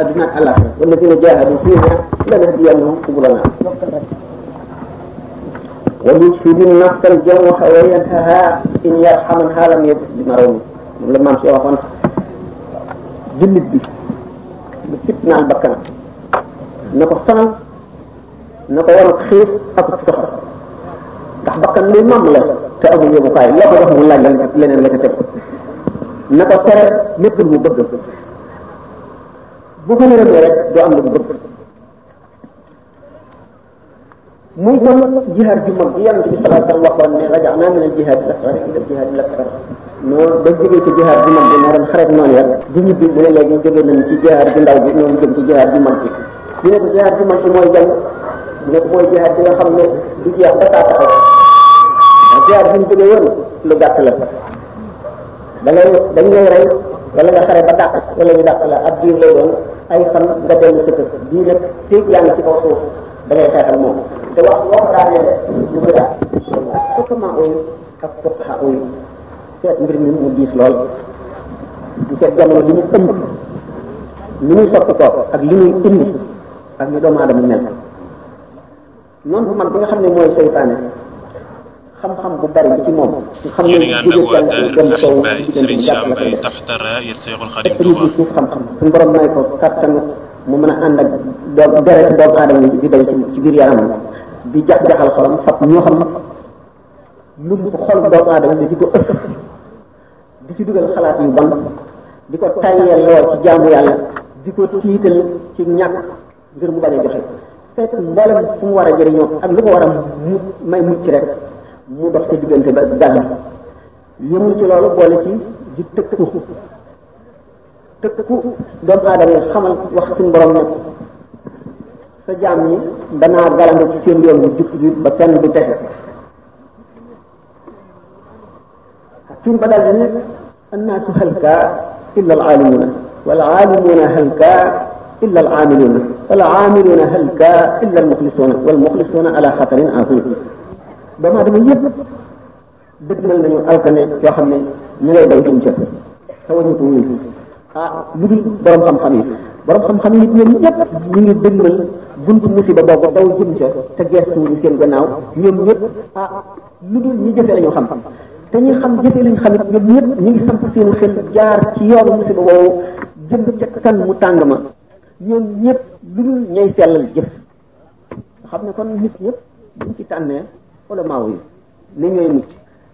adduna ak àllaaxira walladiina jaahadu fiinaa lanahdiyannahum subulanaa wa yujhidu nafsa al-jawha wa yantahaa in yarhamanhaa lam yabus bi marawmi moom la maam si waxoon jullit bi bu fitnaal bakkanam na ko sonal na ko war ak xiif ak soxla ndax bakkan luy mam la te amul yóbbukaay loo ko jox mu laaj leneen la ca teg na ko tere lépp lu mu bëgg bu ko nëratee rek doo am lu mu bëgg muy kon jihaad ju mag bi yonent bi sallallahu alayhi wa sallam waxoon ne rajaxnaa min al jihaad al asghar ila al jihaad al akbar noonu ba jógee ci jihaad ju mag bi moo doon xareet noonu yàq di ñibbi mu ne léegi jógee nañ ci jihaad ju ndaw bi noonu jëm ci jihaad ju mag bi ñu ne ko jihaad ju mag bi mooy jàng ñu ne ko mooy jihaad bi nga xam ne du jeex ba saa taxaw ndax jihaad bi mu jógee yoon lu gàtt la da lay dañ lay rey wala nga xare ba dàq wala ñu dàq la ab diir lay doon ay fan nga dellu sa kër bii yaa ngi ci kaw suuf da ngay xeexal moom te wax boo ko daanee ñu ko daal fukkamaa ooyu ak fukkaxa ooyu seet mbir mi mu diis lool ñu seet jamono li ñu ëmb li ñuy sotti ko ak li ñuy indi ak ñu doomu aadama mel noonu bu mag bi nga xam ne mooy seytaane xam-xam bu bari ci moom. ñu xam ne jóge jàll ak dem soow diggante jàppale ko def te ñu gis xam-xam suñu borom may ko kàttanu mu a ànd ci biir yaramam di xol doomu aadama di ko ëpp di ci dugal xalaat yu bon di ko tayee loo ci jaamu yàlla di ko tiital ci ñàkk ngir mu bañ a joxe fekk mboolem fu mu war a jëriñoo ak lu ko war a may mucc rek mu dox ci diggante ba dara yëmul ci loolu boole ci di tëkku tëkku doomu aadama yi xamal wax suñu borom ne sa jaam yi danaa galandu ci seen yoon bu jukki ji ba kenn du texe hakim ba dal di ne annaasu halka illa al aalimuuna wal aalimuuna halka illa al aamiluuna wal aamiluuna halka illa al muxlisuuna wal muxlisuuna ala xatarin azim doomu aadama yëpp dëggal nañu alkane yoo xam ne ñu ngay daw jëm ca te wañutu wuñu ah lu dul borom xam-xam yi borom xam-xam yi ñoom ñëpp ñu ngi dëggal buntu musiba boobu daw jëm ca te gannaaw ah lu dul ñu jëfee lañu xam te ñi xam jëfee lañu xam it ñoom ñëpp ñu ngi samp seenu xel jaar ci yoonu musiba boobu jëm ca kan mu tàng ma ñoom ñëpp lu dul ñay sellal jëf xam ne kon nit ñëpp buñ ci tànnee olamaa yi ne ñooy mucc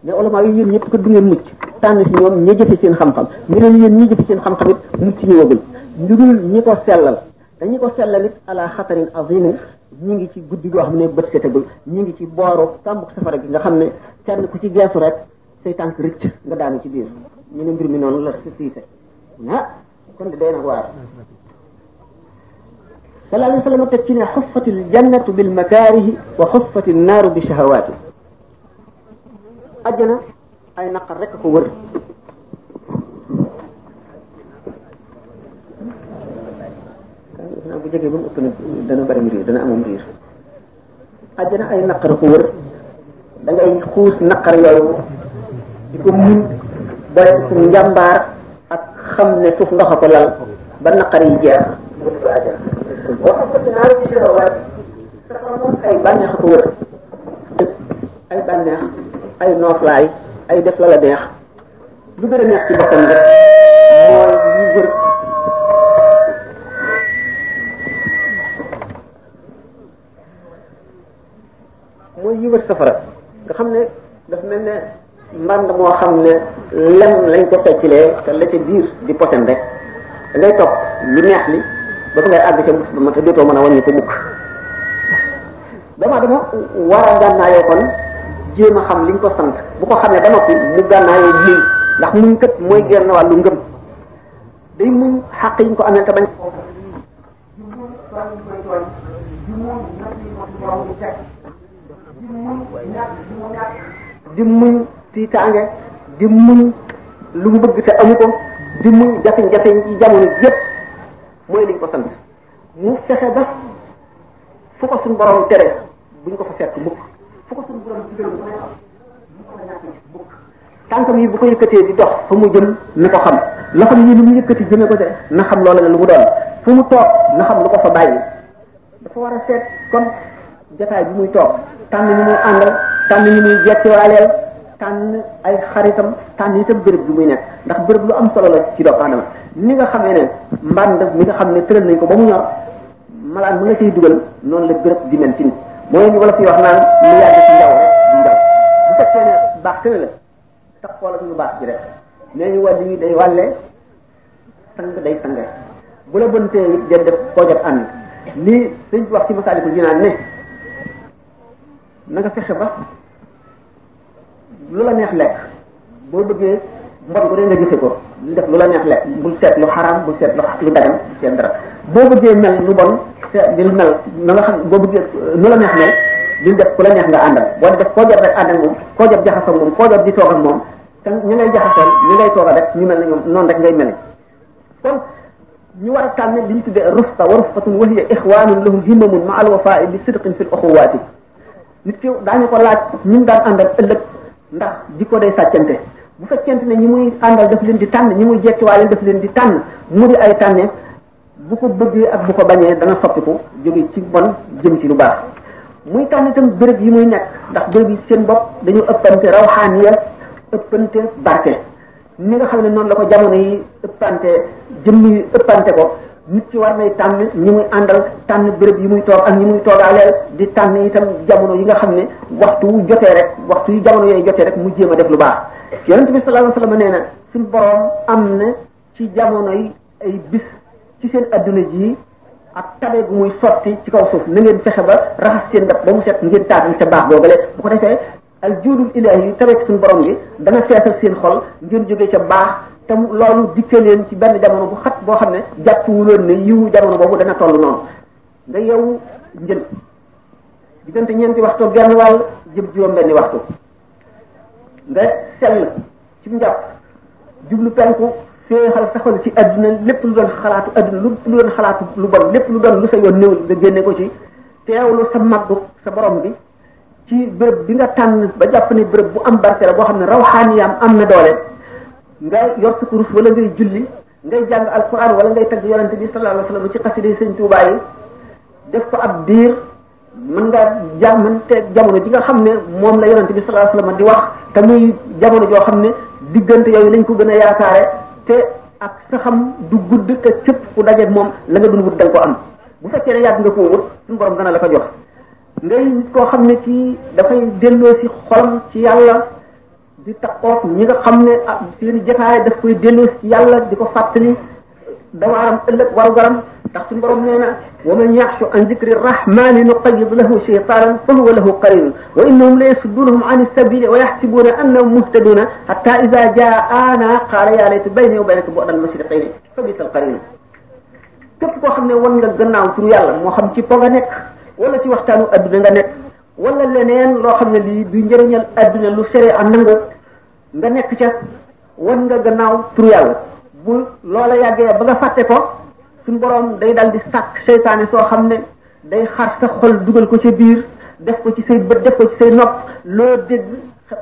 mais olamaa yi yéen ñëpp ko du ngeen mucc tànn si ñoom ñi jëfe seen xam-xam ñu ne yéen ñi jëfe seen xam-xam it mucc ñu wagul ndurul ñi ko sellal dañu ko sellal it ala xatarin azim ñu ngi ci guddi goo xam ne bët setagul ñu ngi ci booru tàmbuk safara gi nga xam ne kenn ku ci geesu rek say tànk rëcc nga daanu ci biir ñu ne mbir mi noonu la siite ah kon de day na waar sallallahu alayhi wa sallam teg ci ne xuffatil jannatu bil makaarihi wa xuffati naaru bi shahawaati ajjana ay naqar rek ko wër bu jegee ba mu ëpp nag dana bari riir dana amam riir ajjana ay naqar ko wër da ngay xuus naqar yooyu di ko muñ boole ci njàmbaar ak xam ne suuf ndox a ko lal ba naqar yi jeex nga dugg ajjana boo ko fëtt naaru bi jëloo war ay bànneex ko wër ay bànneex ay nooflaay ay def la la neex lu gën a neex ci mooy ñu wër mooy yi wër xam ne daf mel ne mbànd moo xam ne lem lañ ko feccilee te la ca biir di poten rek da ngay li ba fa ngay àgg ca musiba ma te dootoo mën a wàññi ko mukk dama dama war a gànnaayoo kon jéem a xam liñ ko sant bu ko xamee ba noppi mu gànnaayoo muñ ndax muñ kët mooy genn wàllu ngëm day muñ xàq yi ñu ko amee te bañ ko di muñ tiitaange di muñ lu mu bëgg te amu ko di muñ jafe-jafe yi jamono yépp mooy nañ ko sant mu fexe ba fu ko suñu borom tere buñ ko fa fekk mukk fu ko tànkam yi bu ko yëkkatee di dox fa mu jëm na ko xam loo xam ni lu mu yëkkati jëmee ko te na xam loola la lu mu doon fu mu toog na xam lu ko fa bàyyi dafa war a seet kon jataay bi muy toog tànn ñu muy àndal tànn ñu muy jettiwaaleel tànn ay xaritam tànn itam béréb bi muy nekk ndax bërëb lu am solo la ci doo aadama ni nga xamee ne mbànd mi nga xam ne tëral nañ ko ba mu ñor malaan mu nga ciy dugal noonu la béréb di ci nit mooy li wala fi wax naan lu yàgg ci ndaw la tax xool ak baax ci rek ñu wàll yi day wàllee sang day sange bu la bëntee it den def koo jot ànd lii sëñ wax ci masaalikul jinaan ne na fexe ba lu la neex lekk boo bëggee mbon ko dee nga jëfe ko ñu def lu la neex lekk bul seet lu xaraam bul seet lu dagan bul seet dara boo bëggee mel lu bon dil mel na nga xam boo bëggee lu la neex mel dil def ku la neex nga àndal boo def koo jot rek ànd ak moom koo jot jaxasoo moom koo jot di toog ak moom te ñu ngay jaxasoo ñu ngay toog rek ñu mel ne ñoom noonu rek ngay mel kon ñu war a tànn li ñu tuddee rufqa wa rufqatun wa hiya ixwanun lahum himamun ma al wafa'i bi sidqin fil uxuwaati nit ki daañu ko laaj ñun daan àndal ëllëg ndax jikko day sàccante bu fekkente ne ñi muy àndal daf leen di tànn ñi muy jekkiwaale daf leen di tànn mu di ay tànne bu ko bëggee ak bu ko bañee dana soppiku jóge ci bon jëm ci lu baax muy tànn tam bërëb yi muy nekk ndax béréb yi seen bopp dañu ëppante rawxaan ya ëppante barke ni nga xam ne noonu la ko jamono yi ëppante jëmm yi ëppante ko nit ci war nay tànn ñi muy àndal tànn bërëb yi muy toog ak ñi muy toogaaleel di tànn itam jamono yi nga xam ne waxtu wu jotee rek waxtu yu jamono yooyu jotee rek mu jéem a def lu baax yonent bi sallallahu alayhi na suñu borom am na ci jamono yi ay bis ci seen adduna ji ak tabe gu muy sotti ci kaw suuf na ngeen fexe ba raxas seen ndab ba mu set ngeen taatu ca baax boobale bu ko defee al juudul ilahi yu tabeeg suñu gi bi dana feesal seen xol ngeen jógee ca baax te loolu dikke leen ci benn jamono bu xat boo xam ne jàpp wuloon ne yiwu jamono boobu dana toll noonu nga yow njën diggante ñeenti waxtu genn wàll jëm juróom-benni waxtu nga sell ci njàpp jublu penku féexal saxal ci àdduna lépp lu doon xalaatu adduna lu doon xalaatu lu bon lépp lu doon lu sa yoon néewul nga génne ko ci teewlu sa maggu sa borom bi ci bërëb bi nga tànn ba jàpp ne bërëb bu am barke la boo xam ne rawxaaniyaam am na doole nga yor sa kurus wala ngay julli ngay jàng alquran wala ngay tagg yonente bi sallallahu la wasallam ci xasida yi sëñ Tuubaa yi ko ab diir mën ngaa jàmmante jamono ji nga xam ne moom la yonent bi sallallahu alayhi di wax te muy jamono joo xam ne diggante yooyu lañ ko gën a yaakaare te ak sa xam du gudd te cëpp ku dajeeg moom la nga doon wut da ko am bu fekkee ne yàgg nga koo wut suñu borom dana la ko jox ngay nit koo xam ne ci dafay delloo si xolam ci yàlla di taxoog ñi nga xam ne ah seen i jotaay daf koy delloo si yàlla di ko fàttali dawaaram ëllëg waru garam ndax suñu borom nee na wa man yaxshu an zikri rahmani nuqayyid lahu shaytanan fa huwa lahu qarin wa innahum la yasuddunahum an sabili wa yaxsibuna annahum muhtaduna hatta ida jaana qaala ya layta bayni wa baynaka bu'dal mashriqayni fa bisal qarin képp koo xam ne wan nga gannaaw tur yàlla moo xam ci po nga nekk wala ci waxtaanu adduna nga nekk wala leneen loo xam ne lii du njëriñal adduna lu sere am nanga nga nekk ca wan nga gannaaw tur yàlla bu loola yàggee ba nga fàtte ko suñu borom day dal di sàkk seytaane soo xam ne day xar sa xol dugal ko ci biir def ko ci say def ko ci say nopp loo dégg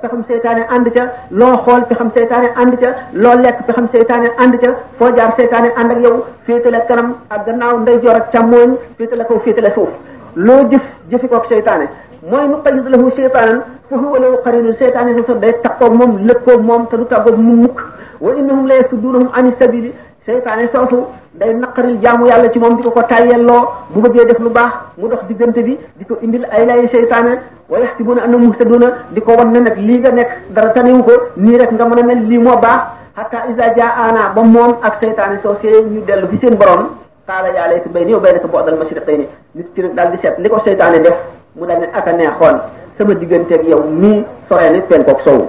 pexam seytaane ànd ca loo xool pexam seytaane ànd ca loo lekk pexam seytaane ànd ca foo jaar seytaane ànd ak yow féetale kanam ak gannaaw ndeyjoor ak càmmooñ féetale kaw féetale suuf loo jëf jëfi kook seytaane mooy mu xarit lahu seytaanan fa huwa lahu qarinun seytaane sa day takkoog moom lëkkoog moom te du tàggoog mu mukk wa innahum la yasudduunahum ani sabili seytaane soosu day naqaril jaamu yàlla ci moom di ko ko tàyyelloo bu bëggee def lu baax mu dox diggante bi di ko indil ay lay seytaane wa yaxsibuuna annahum muhtaduna di ko wan ne nag lii nga nekk dara taniwu ko nii rek nga mën a mel lii moo baax hatta iza jaana ba moom ak seytaane soosee ñu dellu fi seen borom xaala yaa layta baynii wa ba bu'dal mashriqayni nit ki nag daal di seet li ko seytaane def mu daal ne aka neexoon sama digganteeg yow mii so ni penkook sowu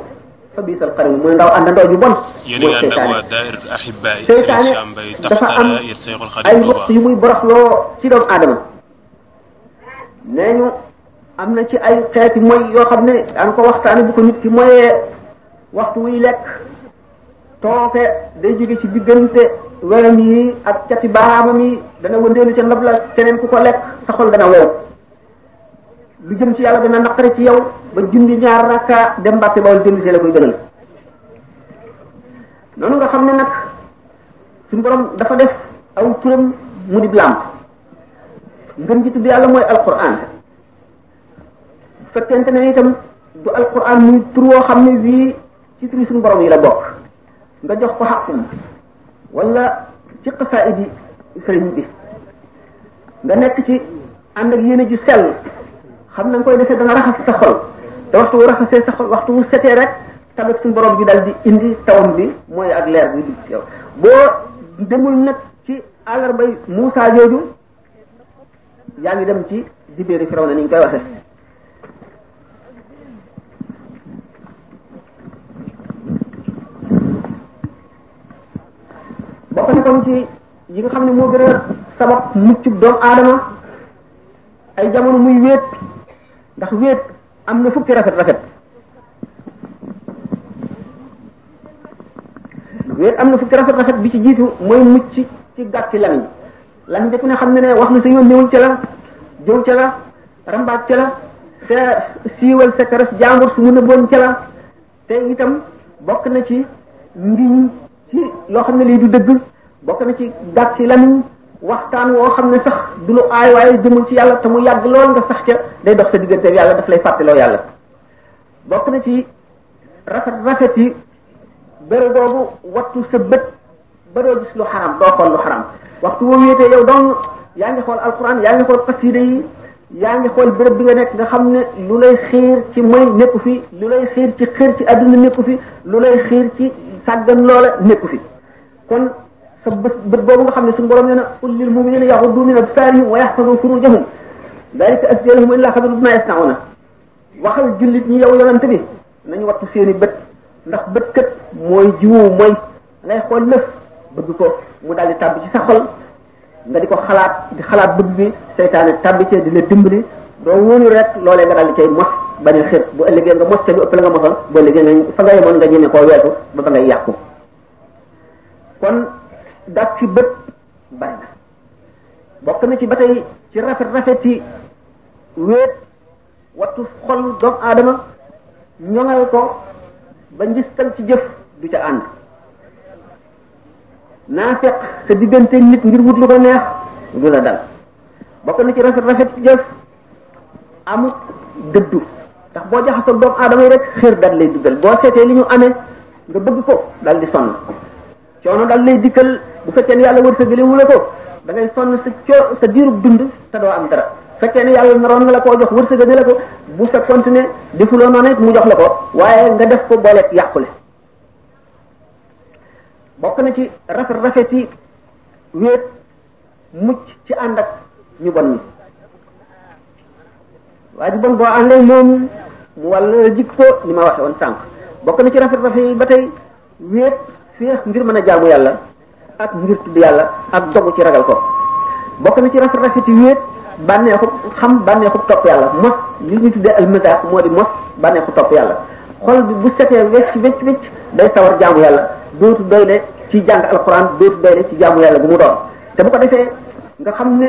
fa biisal xarit mooy ndaw àndandoo ju bon. a seytaane seytaane dafa am ay waxtu yu muy boroxloo ci doomu aadama nee ñu am na ci ay xeeti mooy yoo xam ne daan ko waxtaan bu ko nit ki mooyee waxtu wuy lekk tooke day jóge ci diggante weram yi ak cati baaraamam yi dana wëndeelu ca ndab la keneen ku ko lekk sa xol dana wow lu jëm ci yàlla bi dina naqari ci yow ba julli ñaar rakka dem mbàkke bawol dellu see la koy gënal noonu nga xam ne nag suñu borom dafa def aw turam mu di làmp mooy alquran ne itam du woo xam ne wii ci turi suñu borom yi la bokk nga jox ko xaqum wala ci xasaayid yi sëriñ bi nga nekk ci ànd ak yéene ju sell xam na nga koy defee dana raxas sa xol te waxtu wu raxasee sa xol waxtu wu setee rek tamit suñu borom bi dal di indi tawam bi mooy ak leer buy dugg ci yow boo demul nag ci àllarbay jooju yaa ngi dem ci dibéeri firaw na ni ñu koy waxe bokk na kon ci yi nga xam ne moo gën a aadama ay jamono muy wéet ndax wéet am na fukki rafet rafet wéet am na fukki rafet bi ci jiitu mooy mucc ci gàtti lamiñ lamiñ de ku ne xam ne ne wax na sa yoon newul ca la jëw ca la rambaat ca la te siiwal sa karas jàmbur su mun ca la te itam bokk na ci ngiñ ci loo xam ne lii du dëgg bokk na ci gàtti lamiñ waxtaan woo xam ne sax du lu aay waaye jëmul ci yàlla te mu yàgg lool nga sax ca day dox sa digganteeg yàlla daf lay fàttaloo yàlla bokk na ci rafet rafet yi bëre boobu wattu sa bët ba doo gis lu xaram doo xool lu xaram waxtu woo wéetee yow donc yaa ngi xool alquran yaa ngi xool xasida yi yaa ngi xool béréb bi nga nekk nga xam ne lu lay xiir ci moy nekku fi lu lay xiir ci xër ci adduna fi lu lay xiir ci sàggan loola nekku fi sa bët bët boobu nga xam ne suñu borom nee na qul lil mu'minina yaghuddu min absarihim wa yahfazu furujahum dalika azkaa lahum illaa xabiru bimaa yasnauna waxal jullit ñi yow yonante bi nañu wattu seeni bët ndax bët kat mooy jiwu mooy ngay xool lëf bëgg ko mu daal di tàbbi ci sa xol nga di ko xalaat di xalaat bëgg bi seytaane tàbbi ci di la dimbali doo wóolu rek loolee nga daal di cay mos bañu xër bu ëllëgee nga mos ca lu ëpp la nga mosoon bu ëllëgee nga fa nga yemoon nga ñeme koo weesu ba fa ngay yàqu kon daf ci bët bari na bokk na ci ba tey ci rafet rafet yi wéet wattu xol doomu aadama ñoŋal ko ba njistal ci jëf du ca ànd naa sa diggante nit ngir wut lu ko neex du la dal bokk na ci rafet rafet ci jëf amut dëddu ndax boo jaxasoo doomu aadama yi rek xër dal lay dugal boo seetee li ñu amee nga bëgg ko dal di sonn coono daal lay dikkal bu fekkee ne yàlla wërsëgale wu la ko da ngay sonn sa coo sa diirub dund te doo am dara fekkee ne yàlla naroon na la koo jox wërsëgale la ko bu fekkoon ne defuloo noonu mu jox la ko waaye nga def ko booleeg yàqule bokk na ci rafet rafet yi wéet mucc ci ànd ak ñu bon ñi waaye ji bon boo moom mu wàll jikko ni ma waxe woon sànq bokk na ci rafet rafet yi ba tey wéet féex ngir mën a jaamu yàlla ak ngir tudd yàlla ak dogu ci ragal ko bokk na ci rafet rafet yi wéet bànneexu xam bànneexu topp yàlla mos li ñu tuddee almasaax moo di mos bànneexu topp yàlla xol bi bu setee wecc wecc day sawar jaamu yàlla dootu doy le ci jàng alxuraan dootu doy le ci jaamu yàlla bu mu doon te bu ko defee nga xam ne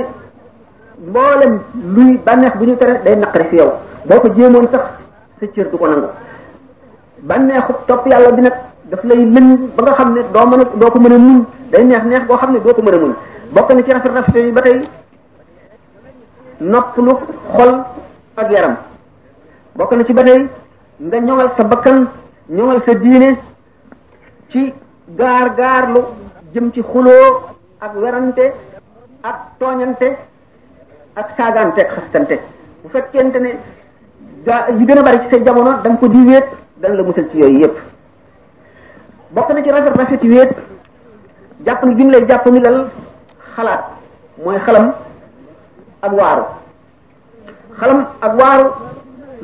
mboolem luy bànneex bu ñu tere day naqari fi yow boo ko jéemoon sax sa cër du ko nangu bànneexu topp yàlla bi nag daf lay lëñ ba nga xam ne doo mën a doo ko mën a muñ day neex neex boo xam ne doo ko mën a muñ bokk na ci rafet rafet yi ba tey noppalu xol ak yaram bokk na ci ba tey nga ñoŋal sa bakkan ñoŋal sa diine ci gaar gaar gaarlu jëm ci xuloo ak werante ak tooñante ak saagante ak xastante bu fekkente ne gaa yi gën a bari ci say jamono da ko diiweet dana la musal ci yooyu yëpp bokk na ci rafet rafet yi wéet jàpp ni gi mu lay jàpp mooy xalam ak waaru xalam ak waaru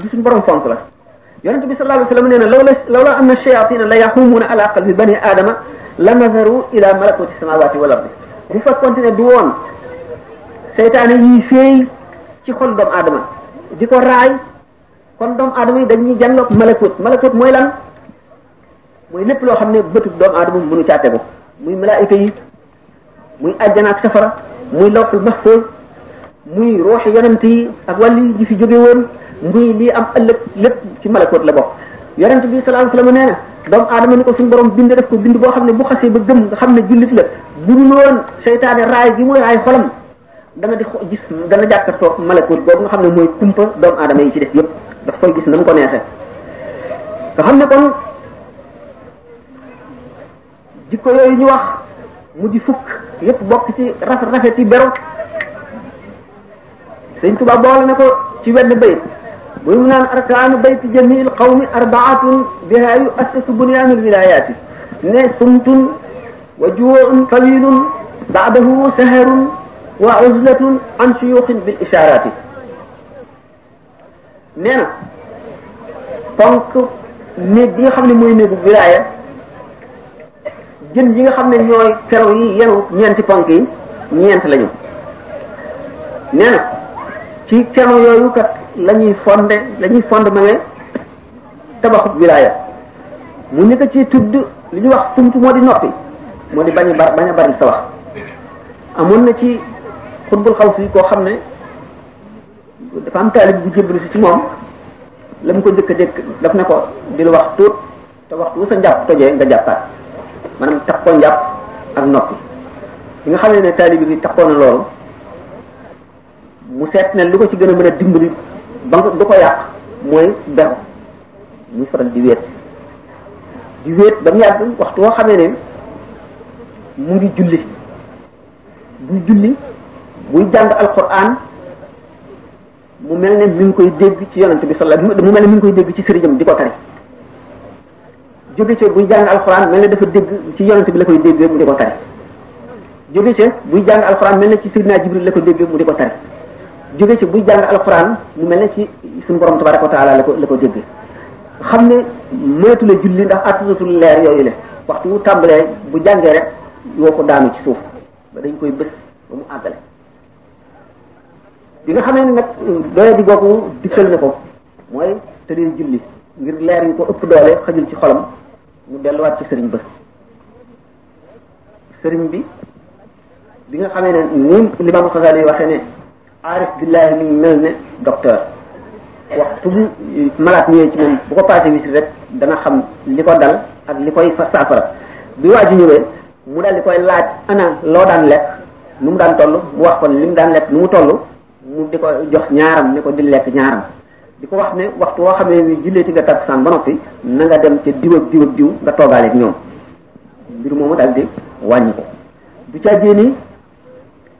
lu suñ borom fonk la yonente bi sallallahu alayhi wasallam nee na lawla lawla anna shayatina la yaxumuuna ala be bani aadama la nazaru ila malakuti samawati wal ardi bu fekkonte ne du woon seytaane yiy féey ci xol doomu aadama di ko raay kon doomu aadama yi dañuy jànloog malakut malakut mooy lan mooy lépp loo xam ne bëtu doomu aadama mënu caa tegu muy malaayika yi muy àjjana ak safara muy lawhul mahfuz muy rooxi yonent yi ak wàllu yi fi jóge woon muy lii am ëllëg lépp ci malakoot la bokk yonent bi sallallahu alayhi wasallam nee na doomu aadama ni ko suñu borom bind def ko bind boo xam ne bu xasee ba gëm nga xam ne jullit la bu dul woon seytaane raay gi mooy raay xolam dana di gis dana jàkkartoo malakoot boobu nga xam ne mooy kumpa doomu aadama yi ci def yëpp daf koy gis na ko neexee jikko yooyu ñu wax mu di fukk yépp bokk ci rafet rafet yi beru sëñ Tuba boole na ko ci wenn bayt bu mu naan arkaanu bayti jamiil qawmi arbaatun biha yu assisu wilayaati ne sumtun wa juu'un tawilun baadahu saharun wa uzlatun an suyuxin bil ishaaraati nee na bi nga xam ne mooy jën yi nga xam ne ñooy feraw yi yenu ñeenti ponk yi ñeent lañu nee ci feraw yooyu kat la ñuy fonde lañuy fond fonde ma ne tabaxub wilaaya mu nekk ci tudd li ñuy wax sumt moo di noppi moo di bañ a bar bañ a bari sa wax amoon na ci xutbul xaw si koo xam ne dafa am taalib bu jébbalu si ci moom la mu ko njëkk a daf ne ko di la wax tuut te waxtu sa njàpp tojee nga jàppaat maanaam takkoo njàpp ak noppi bi nga xam ne ne taalibi bi takkoo loolu mu seet ne lu ko ci gën a mën a dimbali ba nga du ko yàq mooy beru muy faral di wéet di wéet ba mu yàgg waxtu woo xamee ne mu ngi julli buy julli buy jàng alquran mu mel ne mi ngi koy dégg ci yonent bi sallallahu mu mel ne mi ngi koy dégg ci sëriñam di ko tari jóge ca buy jàng alxuraan mel na dafa dégg ci yonent bi la koy déggee ko tari jóge ca buy jàng alxuraan mel na ci Seydina Jibril la ko déggee mu di ko tari jóge ca buy jàng alxuraan mu mel na ci suñu borom tabaraka wa taala la ko la ko déggee xam ne moytu la julli ndax attusatul leer yooyu la waxtu wu tàmbalee bu jàngee rek yoo ko daanu ci suuf ba dañ koy bés ba mu àggale bi nga xamee ne nag doole di googu dikkal na ko mooy tëlee julli ngir leer yu ko ëpp doole xajul ci xolam ñu delluwaat ci sëriñ ba sëriñ bi bi nga xamee ne ni limaam Xasaali waxee ne aarif billahi mi mel ne docteur waxtu bu malaat ñëwee ci moom bu ko passé visite rek dana xam li ko dal ak li koy fa saafara bi waa ji ñëwee mu dal di koy laaj ana loo daan lekk nu mu daan toll mu wax kon li mu daan lekk nu mu toll mu di ko jox ñaaram ni ko di lekk ñaaram di ko wax ne waxtu woo xamee ni julleeti nga takkusaan ba noppi na nga dem ca diw ak diw ak diw nga toogaaleeg ñoom mbir moomu daal di wàññi ko du ca jéeni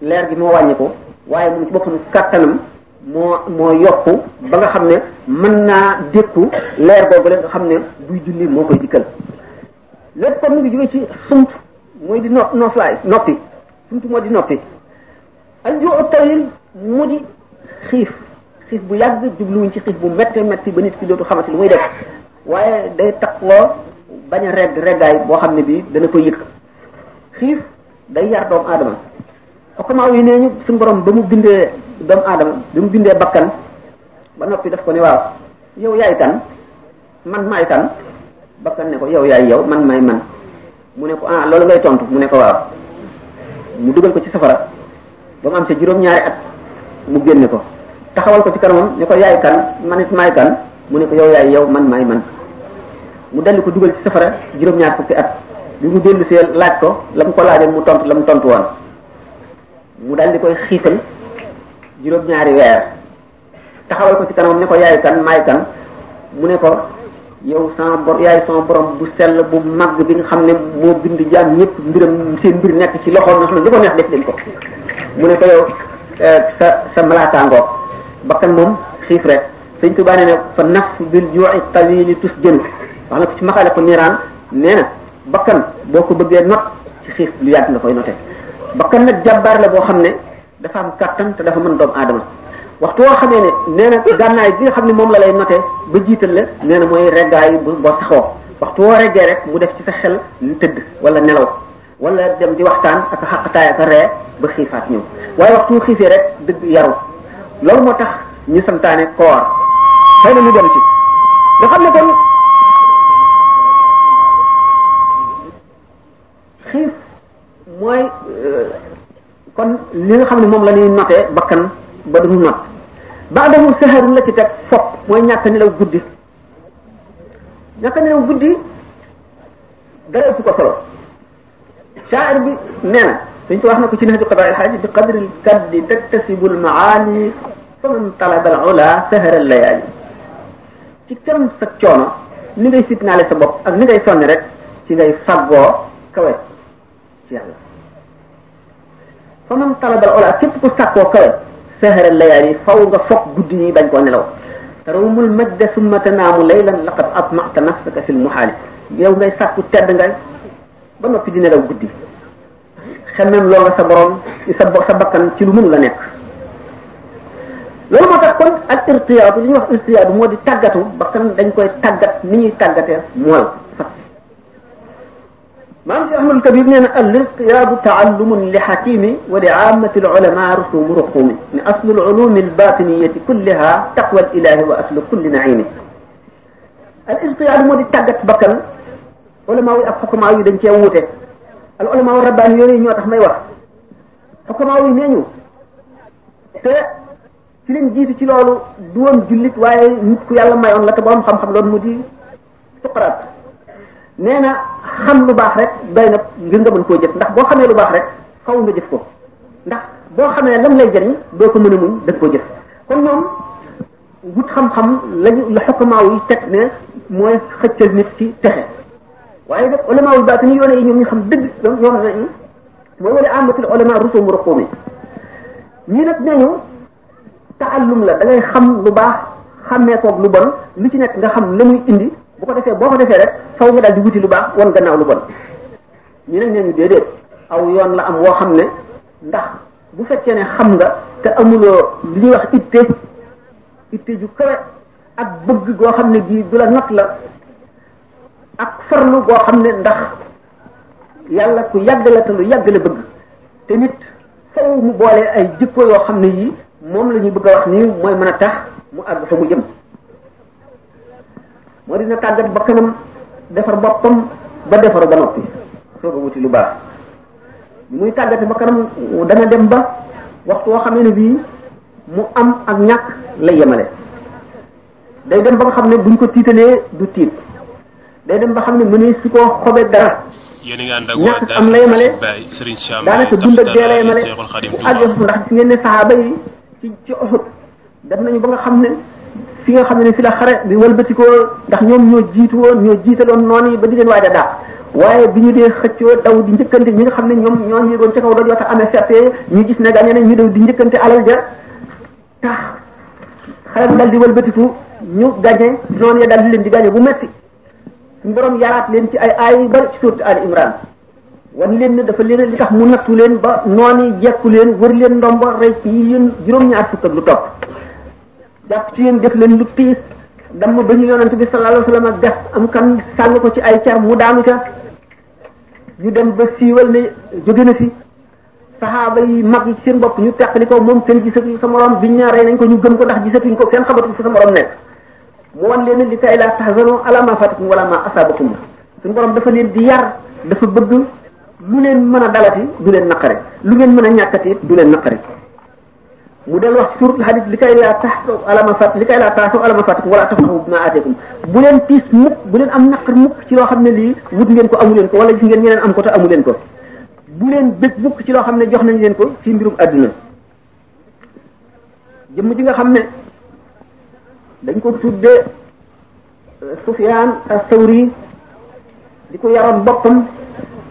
leer gi moo wàññi ko waaye moom ci boppam kàttanam moo moo yokku ba nga xam ne mën naa dékku leer googu nga xam ne buy julli moo koy dikkal lépp comme mu ngi jóge ci sumt mooy di no noppi sumt moo di noppi al jo tawil mu di xiif xiif bu yàgg jubluwuñ ci xiif bu mettee métti ba nit ki dootu xamati lu muy def waaye day taqloo bañ a regg reggaay boo xam ne bii dana ko yëg xiif day yar doomu aadama xukamaaw yi nee ñu suñu borom ba mu bindee doomu aadama ba mu bindee bakkan ba noppi daf ko ne waaw yow yaay kan man maay kan bakkan ne ko yow yaay yow man maay man mu ne ko ah loolu ngay tontu mu ne ko waaw mu dugal ko ci safara ba mu am sa juróom-ñaari at mu génne ko taxawal ko ci kanamam ni ko yaay kan man it kan mu ne ko yow yaay yow man may man mu dellu ko dugal ci safara juróom-ñaar fukki at bi mu dellu see laaj ko la mu ko laajoon mu tontu la mu tontu woon mu daal di koy xiital juróom-ñaari weer taxawal ko ci kanamam ne ko yaay kan maay kan mu ne ko yow sama bor yaay sama borom bu sell bu màgg bi nga xam ne moo bind jaam ñëpp mbiram seen mbir nekk ci loxoom na xam ne li ko neex def leen mu ne ko yow eh, sa sa malaataangoog bakkan moom xiif rek ko Tuba nee na fa nafs bil ju'i tawili tus jënu wax na ko ci maxaale ko niiraan nee na bakkan boo ko bëggee not ci xiif lu yàgg nga koy note bakkan nag jàmbaar la boo xam ne dafa am kàttan te dafa mën doomu aadama waxtu woo xamee ne nee na gànnaay bi nga xam ne moom la lay note ba jiital la nee na mooy reggaay bu boo taxoo waxtu woo reggee rek mu def ci sa xel tëdd wala nelaw wala dem di waxtaan ak a xaqataay ak a ree ba xiifaat ñëw waaye waxtu xiifee rek dëgg yaru loolu moo tax ñu santaane koor xëy na ñu dem ci nga xam ne kon xiif mooy euh, kon li nga xam ne moom la ñuy notee bakkan ba duñu not ba damu saxaru la ci teg fopp mooy ñàkk nelaw guddi ñàkk nelaw guddi dara ëpp ko solo shaar bi nee suñ ko wax na ko ci nahju qada il xaaj bi qadri l kaddi taktasibul maali faman talaba al ula sahara layaali ci këram sa coono ni ngay fitnaale sa bopp ak ni ngay sonni rek ci ngay faggoo kawe ci yàlla faman talaba al ula képp ku sàkkoo kawe sahara layaali faw nga foog guddi ñi bañ koo nelaw tarawmul majda summa tanaamu laylan laqad atma'ta nafsaka fil muhaali yow ngay sàkku tedd nga ba noppi di nelaw guddi xemmem loo nga sa borom ci sa sa bakkan ci lu mënu la nekk loolu moo tax kon ak irtiyaadu li ñuy wax irtiyaadu moo di tàggatu bakkan dañ koy tàggat ni ñuy tàggatee mooy maam si ahmadul kabir nee na al irtiyaadu taallumun li xakimi wa li aamati alulama rusumu ruqumi ni aslu alulumi albatiniyati kulliha taqwa alilahi wa aslu kulli naimi al irtiyaadu moo di tàggat bakkan ulama yi ak xukumaa yi dañ cee wuute al ulama wa rabbaani yooyu ñoo tax may wax xukamaa yi nee ñu te ci leen jiitu ci loolu du woon jullit waaye nit ku yàlla mayoon la te borom xam-xam loolu mu di Suqraat nee na xam lu baax rek doy na ngir nga mën koo jëf ndax boo xamee lu baax rek faw nga jëf ko ndax boo xamee lam lay jëriñ doo ko mën a muñ da nga koo jëf kon ñoom wut xam-xam lañu la xukamaa teg ne mooy xëccal nit ci texe waaye nag ulama yu baatini yoone yi ñoom ñu xam dëgg ñoom ñoo xam ne mooy wala amatul ulama rusul mu rëqoom yi ñii nag nee ñu taallum la da xam lu baax xàmmee koog lu bon lu ci nekk nga xam la muy indi bu ko defee boo ko defee rek faw nga daal di wuti lu baax wan gannaaw lu bon ñii nag nee ñu déedéet aw yoon la am woo xam ne ndax bu fekkee ne xam nga te amuloo li ñuy wax itte itte ju kawe ak bëgg goo xam ne gii du la not la ak farlu boo xam ne ndax yàlla ku yàgg te lu yàgg la bëgg te nit faw mu boole ay jikko yoo xam ne yii moom la ñuy bëgg a wax nii mooy mën a tax mu àgg fa mu jëm moo dina tàggat ba defar boppam ba defaru ba muy tàggate ba kanam dana dem ba wax woo xam ne bii mu am ak ñàkk lay yemale day dem ba nga xam ne buñ ko tiitalee du tiit day dem ba xam ne mënee si koo xobe dara. yéen a ngi ànd ak waa daanaka am lay male. Serigne Sam daanaka dund ak dee lay male bu àgg ndax si ngeen ne saxaaba yi ci ci Uhud def nañu ba nga xam ne fi nga xam ne fi la xare bi wëlbatikoo ndax ñoom ñoo jiitu woon ñoo jiitaloon noonu yi ba di leen waaj a daax waaye ñu dee xëccoo daw di njëkkante ñi nga xam ne ñoom ñoo yéegoon ca kaw doj wata amee ferte ñu gis ne gàññe ne ñu daw di njëkkante alal ja tax xare bi dal di wëlbatiku ñu gàññe noonu ya dal di leen di gàññe bu metti suñu borom yaraat leen ci ay aay yu bari ci suurtu al imran wan leen ne dafa leen li tax mu nattu leen ba nooni jekku leen wër leen ndomba rey ci yéen juróom-ñaar fukk lu topp jàpp ci yéen def leen lu tiis damm ba ñu yonante bi sallallahu alayhi wasallam ak def am kan sàng ko ci ay car mu daanu ca ñu dem ba siiwal ne jóge na fi saxaaba yi mag yi ci seen bopp ñu teqli ko moom seen gisatuñ sa morom biñ ñaaree nañ ko ñu gën ko ndax gisatuñ ko seen xamatuñ fa sa morom nekk mu wan leen li tay laa tahzanu ala ma fatakum wala ma asabakum borom dafa leen di yar dafa bëgg lu leen mën a dalati du leen naqari lu ngeen mën a ñàkkati du leen naqari mu del wax ci suratul hadid li kay laa taxsaw ala ma fat li kay laa taxsaw ala ma fatakum wala tafrahu bu leen tiis mukk bu leen am naqar mukk ci loo xam ne lii wut ngeen ko amuleen ko wala gis ngeen ñeneen am ko te amu leen ko bu leen bëgg mukk ci loo xam ne jox nañ leen ko ci mbirum àdduna jëmm nga xam ne dañ ko tudde euh, Sufyaan as-Sawri di ko yaroon boppam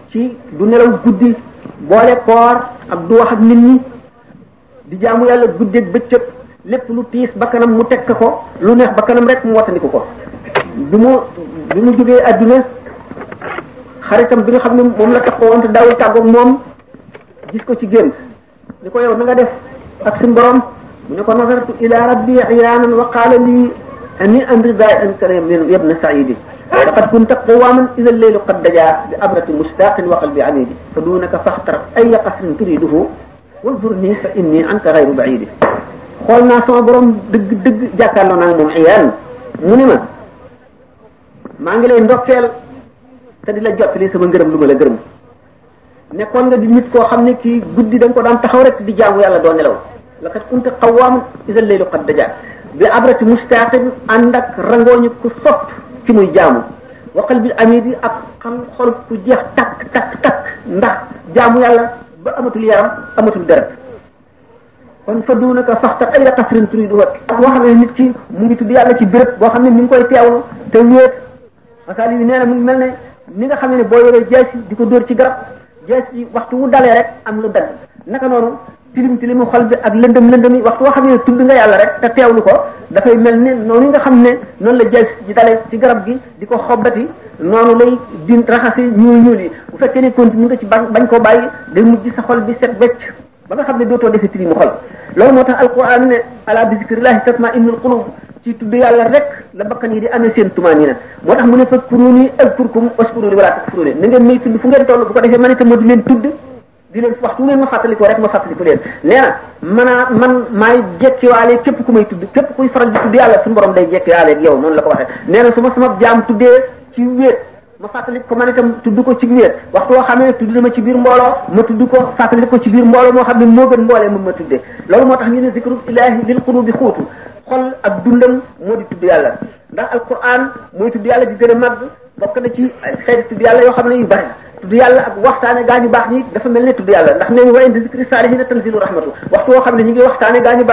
ci du nelaw guddi boole koor ak du wax ak nit ñi di jaamu yàlla guddeeg bëccëg lépp lu tiis bakkanam kanam mu tekk ko lu neex ba kanam rek mu wattandiku ko bi mu bi mu jógee àdduna xaritam bi nga xam ne moom la ko wonte daawul tàggoog moom gis ko ci génn ni ko yow na nga def ak suñu borom mu ne ko nazartu ila rabbi ahyaanan wa qaala lii ani an ridaay an karim yabna saidi laqad kunta qawaaman ida leylu qad dajaa bi abrati mustaaqin wa qalbi amidi fa duunaka faxtar aya qasrin turiduhu wanzurni fa inni anka gayru baidi xool naa sama borom dëgg dëgg jàkkaarloo naa moom iyaan mu ne ma maa ngi lay ndokkeel te di la jottali sama ngërëm lu ma la gërëm nekkoon nga di nit koo xam ne kii guddi da nga ko daan taxaw rek di jaamu yàlla doo nelaw laqad kunta qawwaaman isal laylu qad daja bi abrati mustaaqin ànd ak rangooñu ku sopp ci muy jaamu wa bi amid bi ak xam xol ku jeex takk takk takk ndax jaamu yàlla ba amatul yaram amatul deret kon fa duunaka faxta xayra qasrin turiduhu ak waxam ne nit ki mu ngi bi yàlla ci béréb boo xam ne mi ngi koy teewlu te wéet masaali yi nee mu ngi mel ne ni xam ne boo yoree jaasi di ko dóor ci garab jaasi waxtu wu dalee rek am lu dagg naka noonu tilim tilimu xol bi ak lëndëm lëndëm yi waxtu woo xam ne nga yàlla rek te teewlu ko dafay mel ne noonu nga xam ne noonu la jël ci dale ci garab gi di ko xobbati noonu lay din raxasi ñuul ñuul yi bu fekkee ne continue nga ci bañ koo bàyyi day mujj sa xol bi set wecc xam ne dootoo defee tilimu xol tax alquran ne ala bi zikrillahi tatma innul qulub ci tudd yàlla rek la bakkan mu ne fakkuruni ngeen may ko defee man itam tudd di leen waxtu leen ma fàttalikoo rek ma fàttaliku leen nee na manaa man maay jekkiwaale képp ku may tudd képp kuy faral di tudd yàlla suñu borom day jekkiwaale ak yow noonu la ko waxee nee na su ma sama jaam tuddee ci wéet ma fàttali ko man itam tudd ko ci wéet waxtu woo tudd na ma ci biir mbooloo ma tudd ko fàttali ko ci biir mbooloo moo xam ne moo gën mboolee moom ma tuddee loolu moo tax ñu ne zikru ilahi lil qulubi xuutu xol ak dundam moo di tudd yàlla ndax alquran mooy tudd yàlla di gën a màgg bokk na ci xeet tudd yàlla yoo xam ne yu bari tudd yàlla ak waxtaane gaa ñu baax ñi dafa mel ne tudd yàlla ndax nee ñu wa indi zikri xam ne ñu ngi waxtaane gaa ñu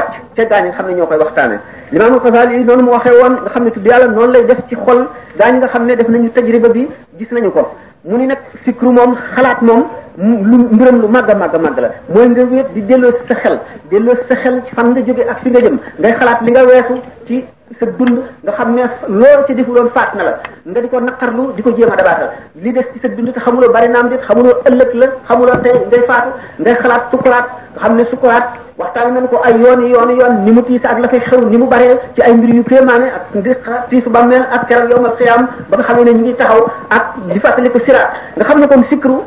nga xam ne ñoo koy waxtaane limaamul Xasaali yi noonu mu waxee woon nga xam ne tudd yàlla noonu lay def ci xol gaa ñi nga xam ne def nañu tajriba bi gis nañu ko mu ni nag sikru moom xalaat moom lu mbiram lu màgg màgg a màgg la mooy nga wéet di delloo si sa xel delloo si sa xel fan nga jóge ak fi nga jëm ngay ci ci sa dund nga xam ne loo ci defuloon faat na la nga di ko naqarlu di ko jéem a dabaatal li des ci sa dund te xamuloo bari naam dit xamuloo ëllëg la xamuloo tey ngay faatu ngay xalaat sukuraat nga xam ne ko ay yooni yooni yoon ni mu tiis ak ni mu baree ci ay mbir yu kéemaane ak ndi tiisu ba xam ne ñu ngi taxaw ak nga xam ne kon sikru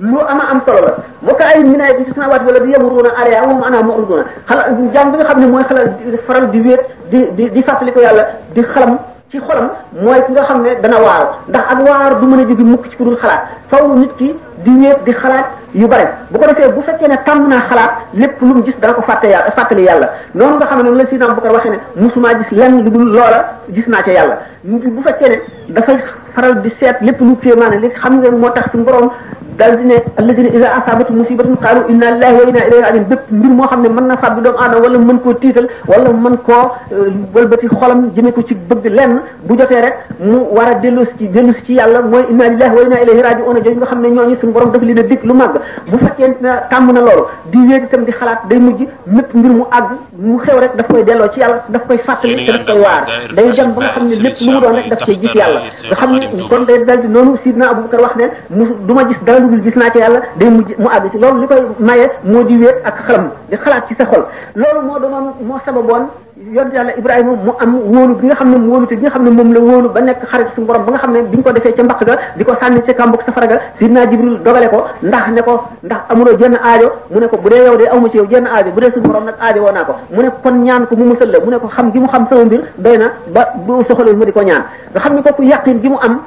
lu ama am solo la boo ko ay minaay bi ci sama waat wala bi yamuruuna alayha wa hum anhaa mu'riduuna xala jàng bi nga xam ne mooy xalal faral di wéet di di di fàttaliku yàlla di xalam ci xolam mooy ki nga xam ne dana waaru ndax ak waar du mën a jógi mukk ci ku dul xalaat faw nit ki di wéet di xalaat yu bare bu ko defee bu fekkee ne tàmm naa xalaat lépp lu mu gis dana ko fàtte yàlla fàttali yàlla noonu nga xam ne noonu la si naam bu ko waxee ne musumaa gis lenn lu dul loola gis naa ci yàlla bu fekkee ne dafay faral di seet lépp lu kéemaane léegi xam ngeen moo tax suñu borom daal di ne alladina iza asabatum musibatun qalu inna lillahi wa inna ilayhi rajiun bépp mbir moo xam ne mën na fàbbi doomu aadama wala mën koo tiital wala mën koo euh, wëlbati xolam ko ci bëgg lenn bu jotee rek mu war a dellu ci dellu ci yàlla mooy inna lillahi wa inna ilayhi rajiun jooju nga xam ne ñooñu suñu borom dafa leen a dig lu màgg bu fekkee ne tàmm na loolu di wéet tam di xalaat day mujj mépp mbir mu àgg mu xew rek daf koy delloo ci yàlla daf koy fàttali te daf koy waar day dem ba nga xam ne lépp lu mu doon rek daf koy gis yàlla noonu kon day daldi noonu sidna Abubakar wax ne mu du ma gis dara lu dul naa ci yàlla day mu àgg ci loolu li moo di ak xalam di xalaat ci sa xol loolu moo doonoon moo sababoon yont yàlla Ibrahima mu am wóolu bi nga xam ne wóolu te bi nga xam ne moom la wóolu ba nekk xarit suñu borom ba nga xam ne bi ñu ko defee ca mbaq ga di ko sànni ca kàmbug safara ga sidna Jibril dogale ko ndax ne ko ndax amuloo jenn aajo mu ne ko bu dee yow de amu ci yow jenn aajo bu dee suñu borom nag aajo woo naa ko mu ne kon ñaan ko mu musal la mu ne ko xam gi mu xam sama mbir doy na ba bu soxalul mu di ko ñaan nga xam ne kooku yàqin gi mu am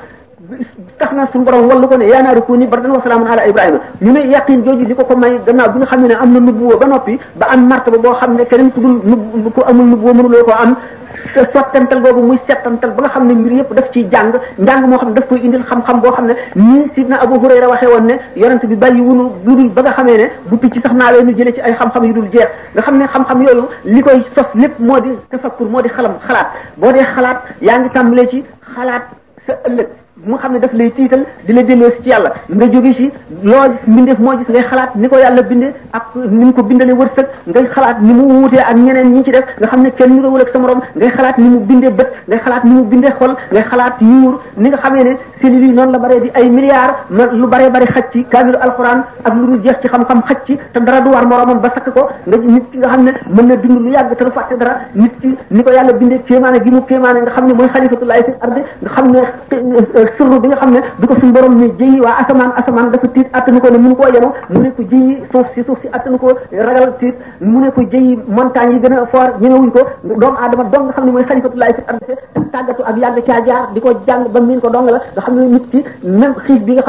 tax na suñu borom wallu ko ne yaa naaru kuuni bardan wa salaamun ala ibrahima ñu ne yaqin jooju li ko ko may gannaaw bi nga xam ne am na nubuwa ba noppi ba am martaba boo xam ne keneen ku dul nub ku ba nga xam ne mbir yëpp daf ciy jàng njàng moo xam xam boo xam ne nii sidna Abu Hurayra woon ne yonent bi bàyyi wunu lu dul ba nga xamee ne bu picc sax naa leen jëlee ci ay xam-xam yu dul jeex nga xam ne xam-xam yooyu li koy sos lépp moo di tafakkur moo di xalam xalaat boo dee xalaat yaa ngi tàmbalee ci xalaat sa ëllëg mu xam ne daf lay tiital di la delloo ci yàlla nga jóge ci loo gis mbindeef moo gis ngay xalaat ni ko yàlla binde ak ni mu ko bindalee wërsëg ngay xalaat ni mu wuutee ak ñeneen ñi ci def nga xam ne kenn niroowul ak sa morom ngay mu binde bët ngay xalaat ni mu binde xol ngay xalaat yuur ni nga xamee ne cellules yi noonu la bare bi ay milliards lu bare bari xaj ci kaamilu alxuraan ak lu dul jeex ci xam-xam xaj ci te dara du war moromam ba sakk ko nga nit ki nga xam ne mën na dund lu yàgg te du fàtte dara nit ki ni ko yàlla binde kéemaane gi mu kéemaane nga xam ne mooy xalifatullahi fi ardi nga surru bi nga xam ne bi ko suñu borom ne jëyi waa asamaan asamaan dafa tiit attanu ko ne mun koo yenu mu ko jëyi suuf si suuf si attanu ko ragal tiit mu ko jëyi montagne yi gën a fort ñëwuñ ko xam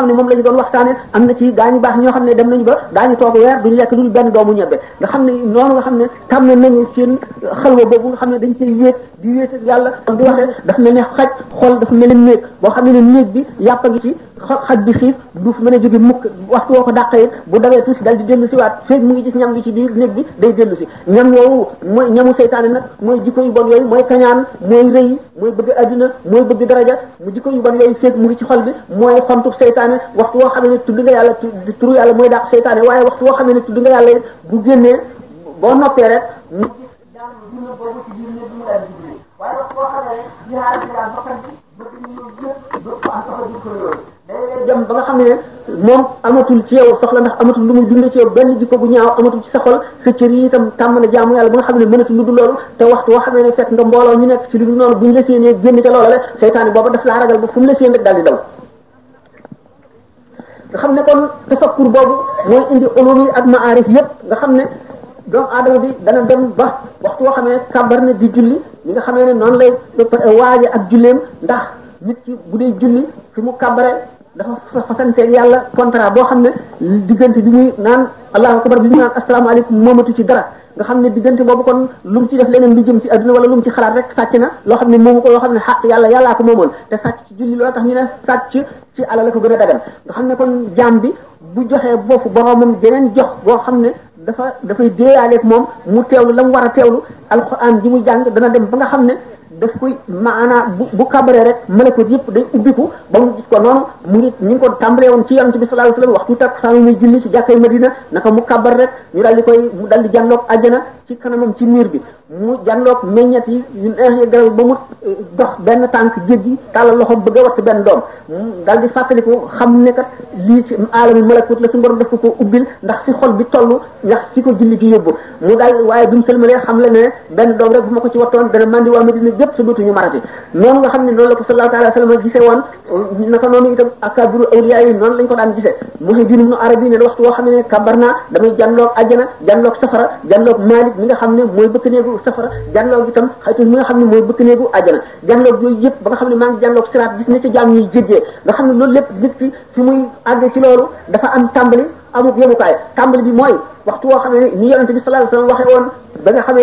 ne moom la doon waxtaane am na ci gaañu baax ñoo xam ne dem nañu ba daañu toog weer duñu lekk duñu benn doomu ñebbe nga xam ne noonu nga xam ne tam ne nañu seen xalwa boobu nga xam ne dañ cey wéet yàlla dafa mel ne xaj xol dafa mel ne néeg boo xam ne néeg bi yàpp a ngi ci xaj bi xiif du mën a jóge mukk waxtu woo ko dàqee bu dawee tuuti dal di dellu si waat feeg mu ngi gis ñam bi ci biir néeg bi day dellu si ñam yooyu mooy ñamu seytaane nag mooy jikko yu bon yooyu mooy kañaan mooy rëy mooy bëgg adduna mooy bëgg daraja mu jikko yu bon yooyu feeg mu ngi ci xol bi mooy xontu seytaane waxtu woo xam ne tudd nga yàlla turu yàlla mooy dàq seytaane waaye waxtu woo xam ne tudd nga yàlla bu génnee boo noppee rek mu daan dina boobu ci biir néeg bi mu daan waaye waxtu woo xam dem ba nga xam ne moom amatul ci yow soxla ndax amatul lu muy dund ci yow benn jikko bu ñaaw amatul ci sa xol sa cër yi itam tàmm na jaamu yàlla ba nga xam ne mënatul lu dul loolu te waxtu woo xamee ne fekk nga mbooloo ñu nekk ci lu dul noonu buñ la séenee génn ca loola la seytaane booba daf laa ragal ba fu mu la séen rek di daw nga xam ne kon tafakkur boobu mooy indi ulum yi ak maarif yépp nga xam ne doomu aadama bi dana dem ba waxtu woo xam ne kàmbar na di julli li nga xamee ne noonu lay waaje ak julleem ndax nit ki bu dee julli fi mu kàmbare dafa fasanteeg yàlla contrat boo xam ne diggante bi ñuy naan allahu akbar bi ñu naan asalaamaaleykum moomatu ci dara nga xam ne diggante boobu kon lu mu ci def leneen lu jëm ci adduna wala lu mu ci xalaat rek sàcc na loo xam ne moomu ko loo xam ne xaq yàlla yàllaa ko moomoon te sàcc ci julli loo tax ñu ne sàcc ci alal la ko gën a dagan nga xam ne kon jaam bi bu joxee boofu boromam jeneen jox boo xam ne dafa dafay déeyaaleeg moom mu teewlu la mu war a teewlu alxuraan ji mu jàng dana dem ba nga xam ne daf koy maanaa bu bu rek malakut yëpp day ubbiku ba mu gis ko noonu mu ngi ñu ngi ko tàmbalee woon ci yonent bi sallallahu alayhi wasallam waxtu takk saa muy di koy mu dal ci kanamam bi mu jànloog meññet yi yu neex ya garab ba mu eh, dox benn tànk jéggi tàllal a wattu benn doom dal di fàttaliku xam ne kat lii la su borom daf ko ubbil ndax fi xol bi toll ndax fi ko julli gi yóbbu mu dal waaye bi mu sëlmalee xam la ne benn doom rek bu ma ko ci wattoon dana mandi waa ñëpp sa dootuñu marati noonu nga xam ne noonu la ko sallallahu alayhi woon xam ne kabar naa damay jànloog ajjana jànloog safara jànloog Malik mi xam ne mooy bëkk néegu safara jànloog itam xaytu mi nga xam ne mooy bëkk néegu ajjana jànloog yooyu yëpp ba nga xam ne maa ne loolu lépp nit ki fi muy xam ne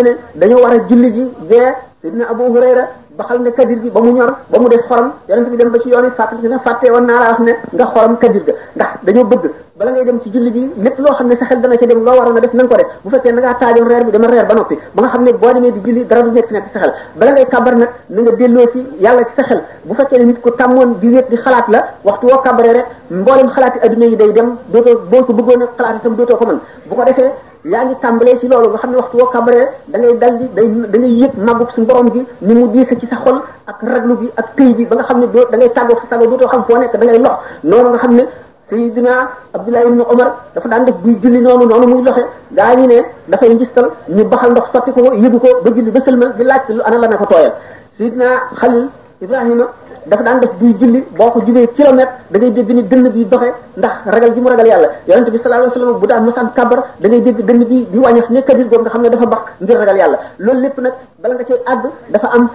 bi dañoo war a julli ji gee Seydina Abu Hurayra baxal nga kadir gi ba mu ñor ba mu def xorom yonent bi dem ba ci yoon yi fàttali nga fàtte woon naa la wax ne nga xorom kadir ga ndax dañoo bëgg bala ngay dem ci julli bi lépp loo xam ne sa xel dana ca dem loo waroon a def na nga ko def bu fekkee na ngaa taajoon reer bi dama reer ba noppi ba nga xam ne boo demee di julli dara du na nga delloo si yàlla ci sa ko tàmmoon di wéet di la waxtu woo kàbbaree rek dem dootoo boo ko bëggoon a xalaat ko bu ko defee yaa ngi tàmbalee ci loolu xam ne waxtu da ngay dal di day da ngay yëg màggug suñu borom gi ci sa xol ak bi ak tëy bi ba nga xam ne doo da ngay tàggoog sa tàggoog dootoo xam foo nekk da ngay lox noonu nga xam ne Seydina Abdullah ibn Omar dafa daan def buy julli noonu noonu muy doxe gaa ñi ne dafay njistal ñu baxal ndox sotti ko yëgu ko ba julli ba sëlmal di laaj lu ana la na ko tooyal Seydina Xalil Ibrahima dafa daan def buy julli boo ko jubee kilomètre da ngay dégg ni dënn bi doxe ndax ragal bi mu ragal yàlla yonent bi sallallahu alayhi wasallam bu daan masaan kabar da ngay dégg dënn bi di wàññeef ne kadir googu nga xam ne dafa bax ngir ragal lépp nag bala nga cay àgg dafa am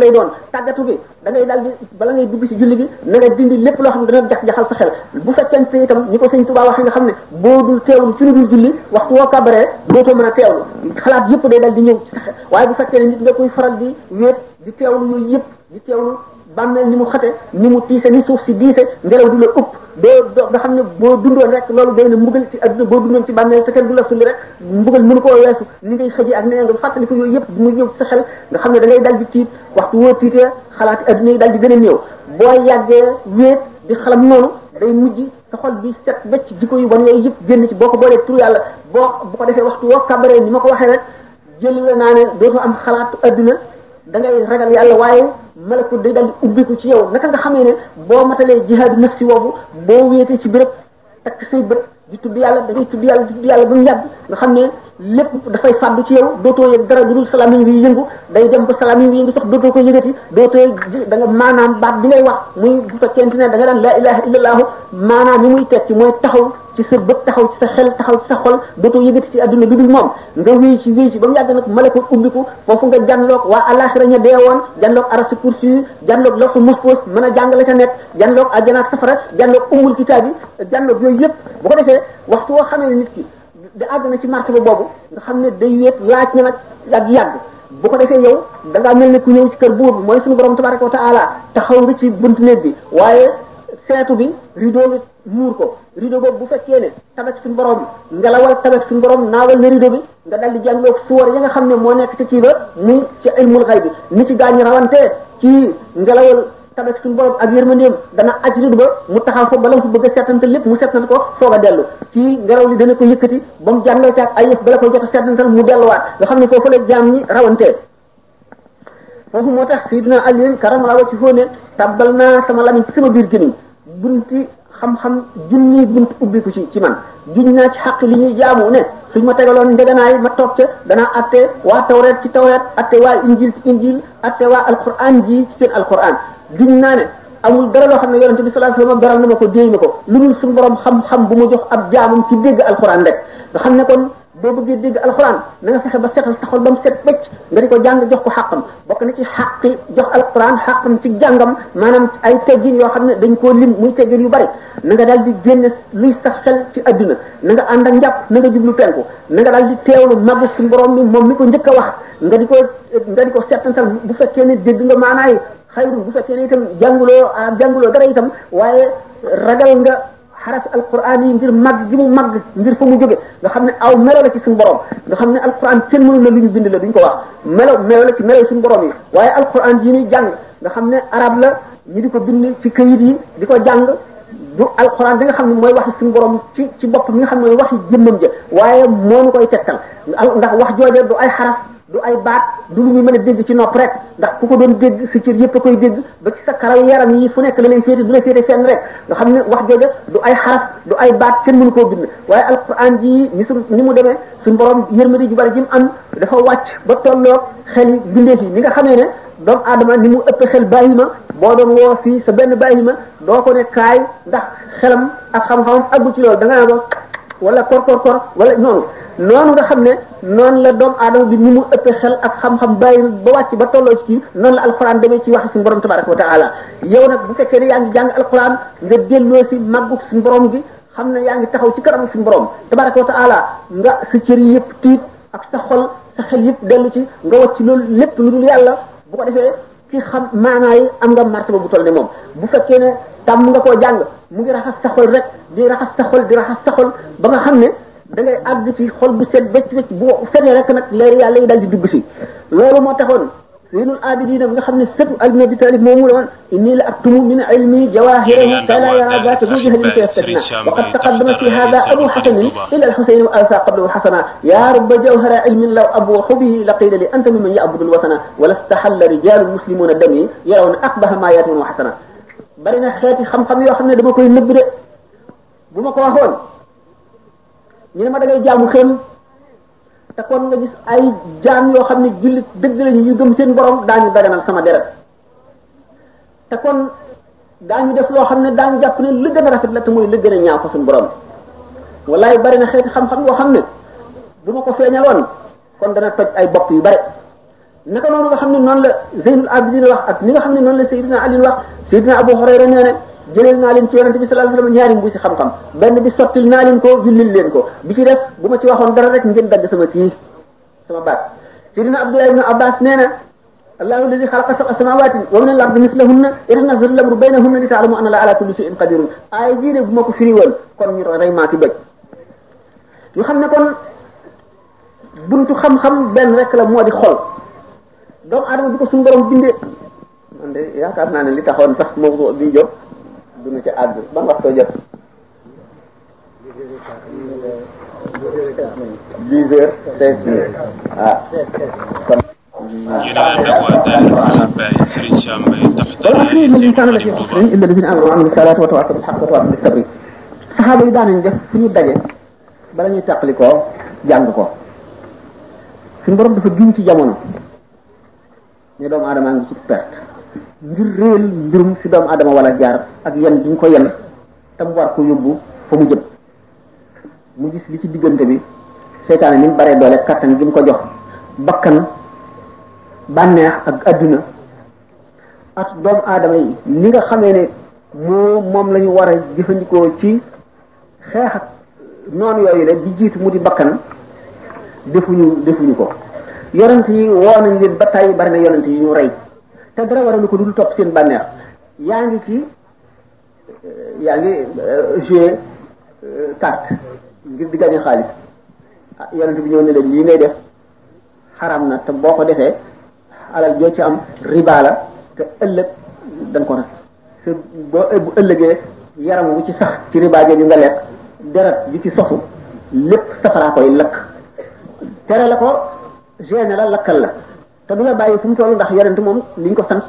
lay doon tàggatu bi da ngay daal di bala ngay dugg ci julli bi na nga lépp loo xam ne dana jax-jaxal sa xel bu fekkente itam ñi ko sëñ Tuubaa waxe nga xam ne boo dul lu dul a teewlu xalaat yëpp day dal di ñëw ci sa xel waaye bu fekkee ne faral di wéet di yëpp di teewlu bàmmeel ni mu xate ni mu tiise ni suuf si diise ngelaw du la upp boo nga xam ne boo dundoon rek loolu day na mbugal ci adduna boo dundoon ci bàmmeel te kenn du la sulli rek mbugal mënu koo weesu ni ngay xëji ak nee nga fàttali ko yooyu yëpp mu ñëw sa xel nga xam da ngay dal di tiit waxtu woo tiitee xalaati adduna yi dal di gën a néew boo yàggee wéet di xalam noonu day mujj sa xol bi set wecc jikko yu bon yooyu yëpp génn ci boo ko boolee tur yàlla boo bu ko defee waxtu woo kabaree ni ma ko waxee rek jël la naa ne dootoo am xalaat adduna da ngay ragal yàlla waaye malakut day daal di ubbiku ci yow naka nga xamee ne boo matalee jihaadu nafsi woowu boo wéetee ci béréb takk say bët di tudd yàlla da ngay tudd yàlla di yàlla bu mu yàgg nga xam ne lépp dafay fàddu ci yow dootoo yëg dara lu dul salamin bi yëngu day dem ba salamin bi yëngu sax dootoo ko yëngati dootoo da nga maanaam baat bi ngay wax muy bu fekkente ne da nga daan laa ilaha illallah maanaam ni muy tekki ci sa bët taxaw ci sa xel taxaw ci sa xol dootoo yëngati adduna lu dul moom nga wéy ci wéy ci ba mu yàgg nag malako ubbiku foofu nga janloog waa alaxira ña dee woon janloog arasi kursi yi a jàng la ca nekk janloog ajjanaak yooyu yëpp boo ko defee waxtu woo xamee nit ki da àgg na ci martaba boobu nga xam ne day wéet laaj na nag ak yàgg bu ko defee yow da ngaa mel ne ku ñëw ci kër buur bi mooy suñu borom tabaraka wa taala taxaw nga ci buntu néeg bi waaye seetu bi rideau nga muur ko rideau boobu bu fekkee ne tabak suñu borom ngelawal tabak suñu borom naawal na rideau bi nga daldi jàngoog suwar ya nga xam ne moo nekk ci kii ba muy ci ilmul xay bi ni ci gaañu rawante ci ngelawal tabe suñu borom ak yërmandeem dana aj ridu ba mu taxaw fa bala mu fa lépp mu settantal ko a dellu ci ngelaw li dana ko yëkkati ba mu jàndoo caag ay yëf bala koy jot a settantal mu delluwaat nga xam ne foofu la jaam ñi rawantee foofu moo tax Sayyidina Ali karamallahu wajhahu ne tabbal naa sama lamiñ ci sama biir gémmiñ bunti xam-xam junni bunt ubbiku ci ci man giñ naa ci xaq li ñuy jaamu ne suñ ma tegaloon ndegenaay ma toog ca danaa atte waa tawret ci tawret atte waa injil ci injil atte waa alquran ji ci seen alquran di naa ne amul dara loo xam ne yonente bi sallallahu alayhi wasallam beral na ma ko déey ma ko lu dul suñu borom xam-xam bu mu jox ab jaamam ci dégg alxuraan rek nga xam ne kon boo bëggee al alxuraan na nga fexe ba setal sa xol ba mu set bëcc nga di ko jàng jox ko xàqam bokk na ci xàqi jox alxuraan xàqam ci jàngam maanaam ay teggin yoo xam ne dañ koo lim muy teggin yu bari na nga daal di génne luy sax xel ci adduna na nga ànd ak njàpp na nga jublu penku na nga daal di teew màggu suñu borom mi moom mi ko njëkk a wax nga di ko nga di ko setantal bu fekkee ne dégg nga maanaay xayru bu fekkee ne itam jànguloo ah jànguloo dara itam waaye ragal nga xarafi alquran yi ngir màgg gi mu màgg ngir fa mu jóge nga xam ne aw melo la ci suñu borom nga xam ne alquran kenn mënu la lu ñu bind la duñ ko wax melo melo la ci melo suñu borom yi waaye alquran yi ñuy jàng nga xam ne arab la ñu di ko bind ci këyit yi di ko jàng du alquran bi nga xam ne mooy wax suñu borom ci ci bopp mi nga xam ne wax waxi jëmmam ja waaye moo ñu koy tegtal ndax wax jooje du ay xaraf du ay baat du lu ñu mën dégg ci nopp rek ndax ku ko doon dégg si cër yëpp a koy dégg ba ci sa karaw yaram yi fu nekk la lay féete du la féete fenn rek nga xam ne wax jooja du ay xaraf du ay baat kenn mënu koo bind waaye alquran ji ni ni mu demee suñu borom yërmande ju bari ji mu am dafa wàcc ba tolloog xel yi bindeef yi ni nga xamee ne doomu aadama ni mu ëpp xel bàyyi ma boo doon woo fii sa benn bàyyi ma doo ko ne kaay ndax xelam ak xam-xamam aggu ci loolu da nga naan ko wala kor kor kor wala noonu noonu xam ne noonu la doomu aadama bi ni mu ëppee xel ak xam-xam bàyyi ba wàcc ba tolloo ci kii noonu la alxuraan demee ci wax suñu borom tabaraka wa taala yow nag bu fekkee ne yaa ngi jàng alxuraan nga delloo si màggug suñu borom gi xam ne yaa ngi taxaw ci kanam suñu borom tabaraka wa taala nga sa cër yëpp tiit ak sa sa xel yëpp dellu ci nga ci loolu lépp lu dul yàlla bu ko defee ki xam maanaa yi am nga martaba bu toll ne moom bu fekkee ne mu nga koo jàng mu ngi raxas sa xol rek di raxas sa xol di ba nga xam ne da ngay àgg ci xol bu set wécc wécc bu setee rek nag leer yàlla yi daal di dugg si loolu moo taxoon Zaynul Abidin nga xam ne sëtu Ali Abi Talib moomu la woon inni la aktumu min ilmi jawahirahu fala yara zata bi jahlin fa yaftatna wa qad taqaddama fi hada abu hasanin ila alhusayn wa alfa qablahu hasana ya rabba jawhara ilmin law abuhu bihi laqila li anta mimman ya'budu alwatana wa lastahalla rijalun muslimuna dami yarawna aqbaha ma yatun wa hasana bari na xeeti xam-xam yoo xam ne dama koy nëbb de bu ma ko waxoon ñu ne ma da ngay jaamu xëm te kon nga gis ay jaam yoo xam ne jullit dëgg nañu ñu gëm seen borom daañu daganal sama deret te kon daañu def loo xam ne daañu jàpp ne lu gën a rafet la te mooy suñu borom wallaay bari na xeeti xam-xam xam ne du ma ko feeñaloon kon dana toj ay bopp yu bare naka noonu nga xam ne noon la Zeynul Abidin wax ak ni nga xam ne noonu la Seydina Ali wax Seydina Abu Hurayra nee ne jëleel naa leen ci yonente bi sallallahu alayhi wasallam ñaari mbuusi xam-xam benn bi sottil naa leen ko jullil leen ko bi ci def bu ma ci waxoon dara rek ngeen dagg sama kii sama baat sidina Abdullah ibn Abbas nee na allahu alladi xalaqa sab'a samawaatin wa mina al-ardi mislahunna yatanazzalu al-amru baynahunna li ta'lamu anna allaha ala kulli shay'in qadirun aaya jii de bu ma ko firi woon kon ñu rey maa ci ñu xam ne kon buntu xam-xam benn rek la moo di xol doomu aadama bi ko suñu borom bindee man de yaakaar naa ne li taxoon sax mawdu bi jóg duñu ci àgg ban waxtoo jot dix heures seize minutes waaw ah. kon illa lazina amanu wa amilu salati wa tawasaw bil haqqi wa tawasaw bis sabri saxaaba yi daanañ def fu ñu daje bala ñuy tàqali ko jàng ko suñu borom dafa giñ ci jamono ne doomu aadama ngi ci perte ngir réel mbirum si doomu adama wala jaar ak yen duñ ko yen tam war ko yóbbu fa mu jëm mu gis li ci diggante bi seytaane ni mu baree doole kattan gi mu ko jox bakkan bànneex ak àdduna ak doomu aadama yi ni nga xame ne moo moom lañu war a jëfandikoo ci xeex ak noonu yooyu la di jiitu mu di bakkan defuñu defuñu ko yonent yi woo nañ leen ba tàyyi bari na yonent yi ñu rey te dara waralu ko dul topp seen bànneex yaa ngi ci euh, yaa ngi euh, jouer euh, carte ngir di gagner xaalis ah bi ñëw ne leen lii ngay def xaram na te boo ko defee alal joo ci am riba la te ëllëg danga ko rafet te boo ëllëgee yaram wu ci sax ci riba ñu nga lekk deret bi ci sosu lépp safaraa koy lakk tere la ko génne la lakkal la te du la bàyyi fu mu toll ndax yonent moom li ñu ko sant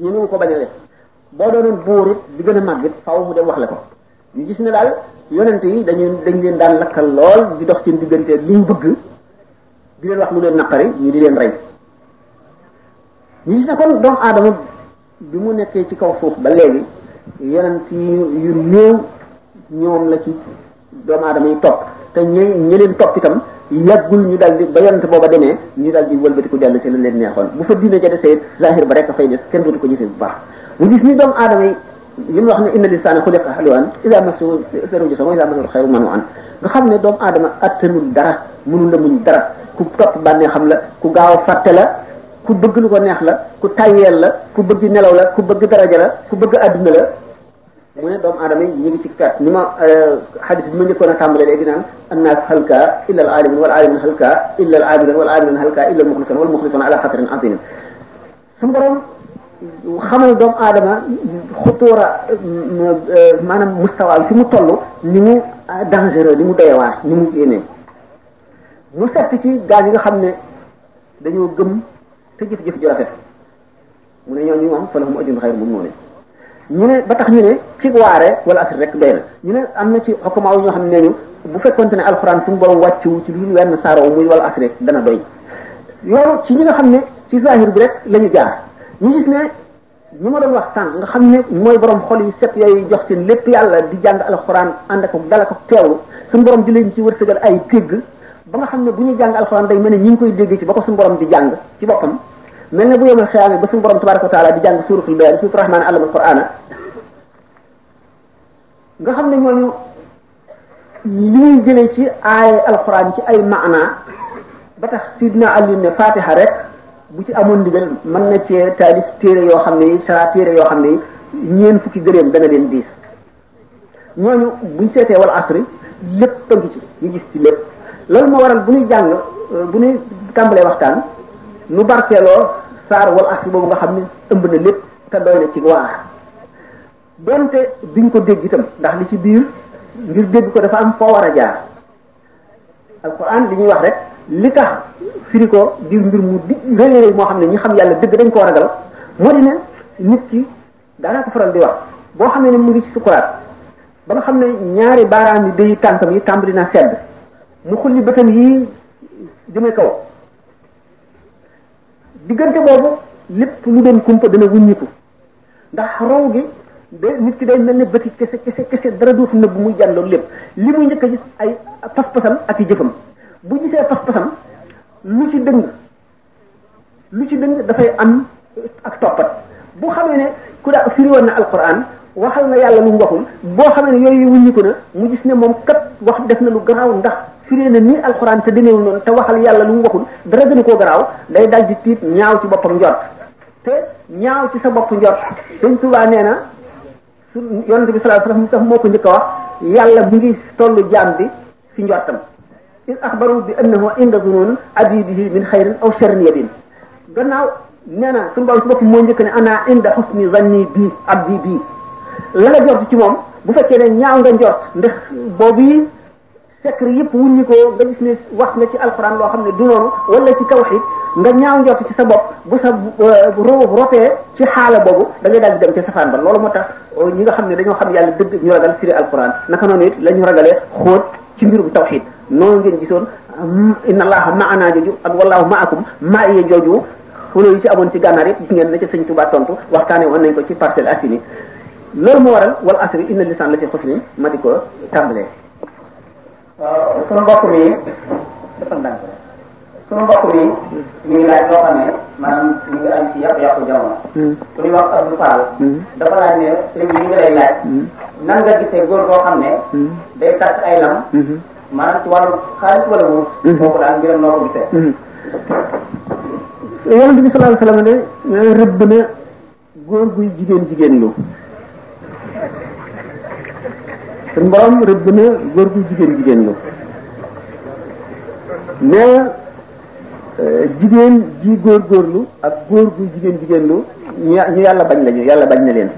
ñu ne ko bañ a def boo doonoon buur it di gën a màgg it faaw mu dem wax la ko ñu gis ne daal yonent yi dañu dañ leen daan lakkal lool di dox seen diggante liñ bëgg di leen wax mu leen naqari ñu di leen rey ñu gis ne kon doomu aadama bi mu nekkee ci kaw suuf ba léegi yonent yu néew ñoom la ci doomu aadama yi topp te ñi ñi leen topp itam yàggul ñu daal di ba yonent booba demee ñu dal di ku dellu ci la leen neexoon bu fa diina ja desee zahir ba rek fay des kenn dootu ko jëfee bu baax mu gis ni doomu aadama yi li mu wax ne inna lisaana xuliqa haluwan ida masu seru jisamo ida masu xayru manu an nga xam ne doomu aadama attanul dara mënul la muñ dara ku topp bànnee xam la ku gaaw fàtte la ku bëgg lu ko neex la ku tayyeel la ku bëgg nelaw la ku bëgg daraja la ku bëgg adduna la mu ne doomu aadama yi ñu ngi ci perte ni ma euh, xadis bi ma njëkkoon a tàmbalee léegi naan annaas halka illa al alimun wal alimun halka illa al abidan wal abidan halka illa al muxlisan wal muxlisan ala xatarin azimin suñu borom xamal doomu aadama xutuura euh, maanaam mustawaal fi mu toll ni mu dangereux ni mu doyewaar ni mu yénee mu sett ci gaa yi nga xam ne dañoo gëm te jëf-jëf ju rafet mu ne ñooñu moom fa lahum ajrun xayru mamnuun ñu ne ba tax ñu ne ci waare wala asir rek doy na ñu ne am na ci xokkamaa wu ñoo xam ne ñu bu fekkonte ne alxuraan suñu borom wàccu ci lu wenn saaroo muy wala asir dana doy loolu ci ñi nga xam ne ci zahir bi rek lañu jaar ñu gis ne ñu ma doon wax sànq nga xam ne mooy borom xol yi set yooyu jox seen lépp yàlla di jàng alxuraan ànd ak dal ko teewlu suñu borom di leen ci wërsëgal ay tégg ba nga xam ne bu ñu jàng alxuraan day mel ne ñi ngi koy déggee ci ba ko suñu borom di jàng ci boppam mel ne bu yomal xiyaame ba suñu borom tabaraka wa taala di jàng suuratul bayaan suuratul rahmaan allamal qur'aana nga xam ne ñooñu li ñuy jëlee ci ay alquran ci ay maanaa ba tax sidna Ali ne fatiha rek bu ci amoon ndigal mën na cee taalif téere yoo xam ne yi sara téere yoo xam ne yi ñeen fukki gëléem dana leen diis ñooñu buñ seetee wal asri lépp tënk ci ñu gis ci lépp loolu moo waral bu ñuy jàng bu ñuy tàmbalee waxtaan nu barkeeloo saar wal axi boobu nga xam ne ëmb na lépp te doy na ci waar donte duñ ko dégg itam ndax li ci biir ngir dégg ko dafa am foo war a jaar alquran li ñuy wax rek li tax firi ko di mbir mu di rëy rëy moo xam ne ñi xam yàlla dëgg dañ ko ragal moo di nit ki daanaa ko faral di wax boo xam ne mu ngi ci sukuraat ba nga xam ne ñaari baaraam yi day tànkam yi tàmbali na sedd mu xulli bëtam yi jëme kaw diggante boobu lépp lu doon kumpa dana wuññiku ndax raw gi de nit ki day mel ne bëti kese kese kese dara dootu nëbb muy jàlloog lépp li muy njëkk a ay pas-pasam ak i jëfam bu gisee pas-pasam lu ci dëng lu ci dëng dafay am ak toppat bu xamee ne ku daa firi woon na alquran waxal na yàlla lu mu waxul boo xamee ne yooyu wuññiku na mu gis ne moom kat wax def na lu garaaw ndax firee na nii alxuraan te demeewul noonu te waxal yàlla lu mu waxul dara gënu koo garaaw day dal di tiit ñaaw ci boppam njort te ñaaw ci sa bopp njort dañ tubaa nee na su yonente bi sallallahu alayhi wasallam moo ko njëkk a wax yàlla mu ngi tollu jaam bi ci njortam in axbaru bi annahu inda zunun abidihi min xayrin aw sharrin yabin gannaaw nee na suñu borom si bopp moo njëkk ne ana inda husni zanni bi abdi bi la nga jort ci moom bu fekkee ne ñaaw nga njort ndax boobu yi secret wu wuññi ko nga gis ne wax na ci alxuraan loo xam ne du noonu wala ci tawxiid nga ñaaw njort ci sa bopp bu sa euh, ro rotee ci xaala boobu da daal di dem ca safaan ba loolu moo tax euh, ñi nga xam ne dañoo xam yàlla dëgg ñu ragal firi alxuraan naka noonu it la ñu ragalee xóot ci mbirum tawxiid noonu ngeen gisoon in euh, inna allaha maana jooju ak wallahu maakum maa iya jooju xuloo yi ci amoon ci gànnaar ngeen na ca sëñ Tuubaa tontu waxtaane woon nañ ko ci Parcelles Assainies loolu moo waral wal asri inna lisaan la fi xusrin ma di ko tàmbalee. waaw sunu mbokk mi dafa ndànk rek ngi laaj loo xam ne maanaam mi ngi am ci yàqu-yàqu jamono. Hmm. ku ñuy wax Abdou Fall. Hmm. dafa laaj ne sëñ bi mi laaj. Hmm. nan nga góor boo xam ne. day takk ay lam. maanaam ci wàllu xaalis wala wut. kooku daal mbiram noo ko gisee. yonent bi sallallahu alayhi wa sallam ne rëbb na góor guy jigéen jigéen lu. suñ borom rëbb na góor gu jigéen jigéen lu nee eh, jigéen ji góor góorlu ak góor gu jigéen jigéen lu ñu yàlla bañ lañu yàlla bañ na leen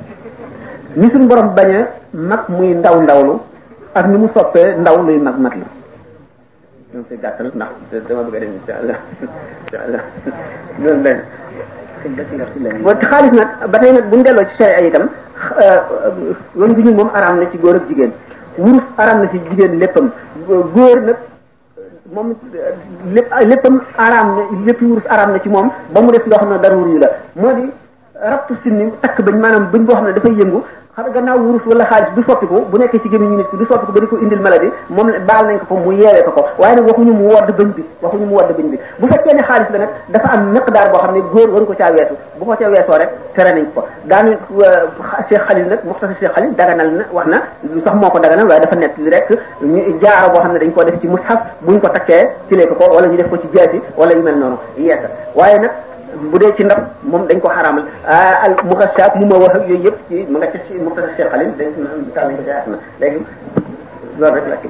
ni suñ borom bañ a mag muy ndaw ndawlu ak ni mu soppee ndaw luy mag mag la ñoom koy gàttal ndax dama bëgg a dem xaalis nag ba tey nag bu ñu delloo ci sharia itam loolu eh, bi eh, ñu moom araam na ci góor ak jigéen wurus aram na ci jigéen léppam góor nag moom lépp léppam aram na léppi wurus aram na ci moom ba mu def loo xam ne darur yi la moo di rabtu sinni takk bañ maanaam bañ boo xam ne dafay yëngu xam gannaaw wurus wala xaalis bu nekkee ci gémmiñu nit ki du soppiku ko indil maladie moom baal nañ ko ko mu yeewee ko ko waaye nag waxuñu mu bi waxuñu am ne góor ko caa weesu bu ko ca weesoo rek tere nañ ko daanu euh, Cheikh Khalil daganal na wax na lu sax moo ko daganal waaye dafa nett li rek ñu jaaro boo xam ne dañ ko def ci mushaf buñ ko takkee ci lekk ko wala ñu def ko ci jaasi wala yu mel noonu yeesa waaye nag bu dee ci ndab moom dañ ko xaraamal ah, al muxasaat mu ma wax ak yooyu yëpp ci mu nga ci mu nga ci xalin dañ taal nañ ko ci àdduna léegi loolu rek la ci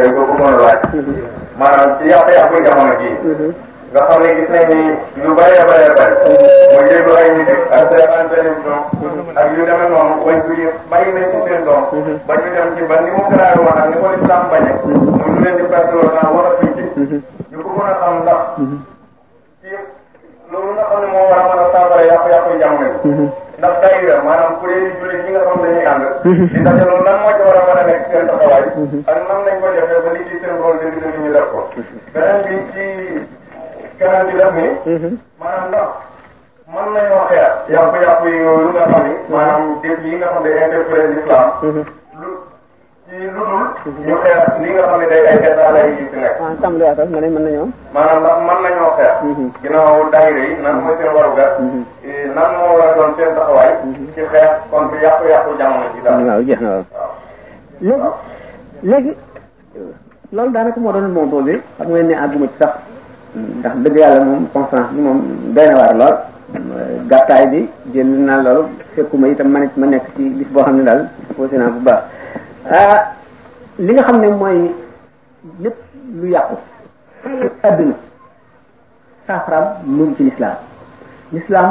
mhm. maanaam ci yàq-yàqu jamono ji mhm. nga xam ne gis nañ ni lu bëree bëree bëri muy déglu ay nit ak seetaan télévision ak yu demee noonu wañ ko yëpp bàyyi nañ ci seen doom ba ñu dem ci ba ni mu tëraale woon ak ni ko lislaam bañe muy lu leen di perte woon naa war a tuuti ñu ko mën a xam ndax ci loolu nga xam ne moo war a mën a saafara yàqu-yàqu jamono yi ndax daayira maanaam kuréel yi jullit ñi nga xam dañuy ànd di daje loolu lan moo ci war a mën a nekk seen taxawaay ak nan lañ ko defee ba li ci seen rôle dëgg-dëgg ñu def ko beneen bi ci keneen bi def ni. Mm-hmm. maanaam ndax mën nañoo xeer. yàpp-yàpp yooyu nga xam ni. Mm-hmm. maanaam dëkk yi nga xam ne interpellé l'islam. Mm-hmm. lu ci lu dul. ñu xeer li nga xam ne day ay xeetaa lay yu ci nekk. waaw ah, tàmbali waatal nga ne mën nañoo. maanaam ndax mën nañoo xeer. ginnaaw daayira yi nan mooy seen warugar. Eh, nan moo war a doon seen taxawaay. ci xeer kon bi yàqu-yàqu jamono ji daal. waaw jeex na waaw. léegi léegi loolu daanaka moo doon moom boobu xam ngeen ne àgguma ci sax. ndax dëgg yàlla moom conférence bi moom doy na waar lool gàttaay bi jël naa loolu fekkuma itam man it ma nekk ci bis boo xam ne daal posé naa bu baax ah, li nga xam ne mooy lépp lu yàqu adduna saafaraam mu ngi ci lislaam lislaam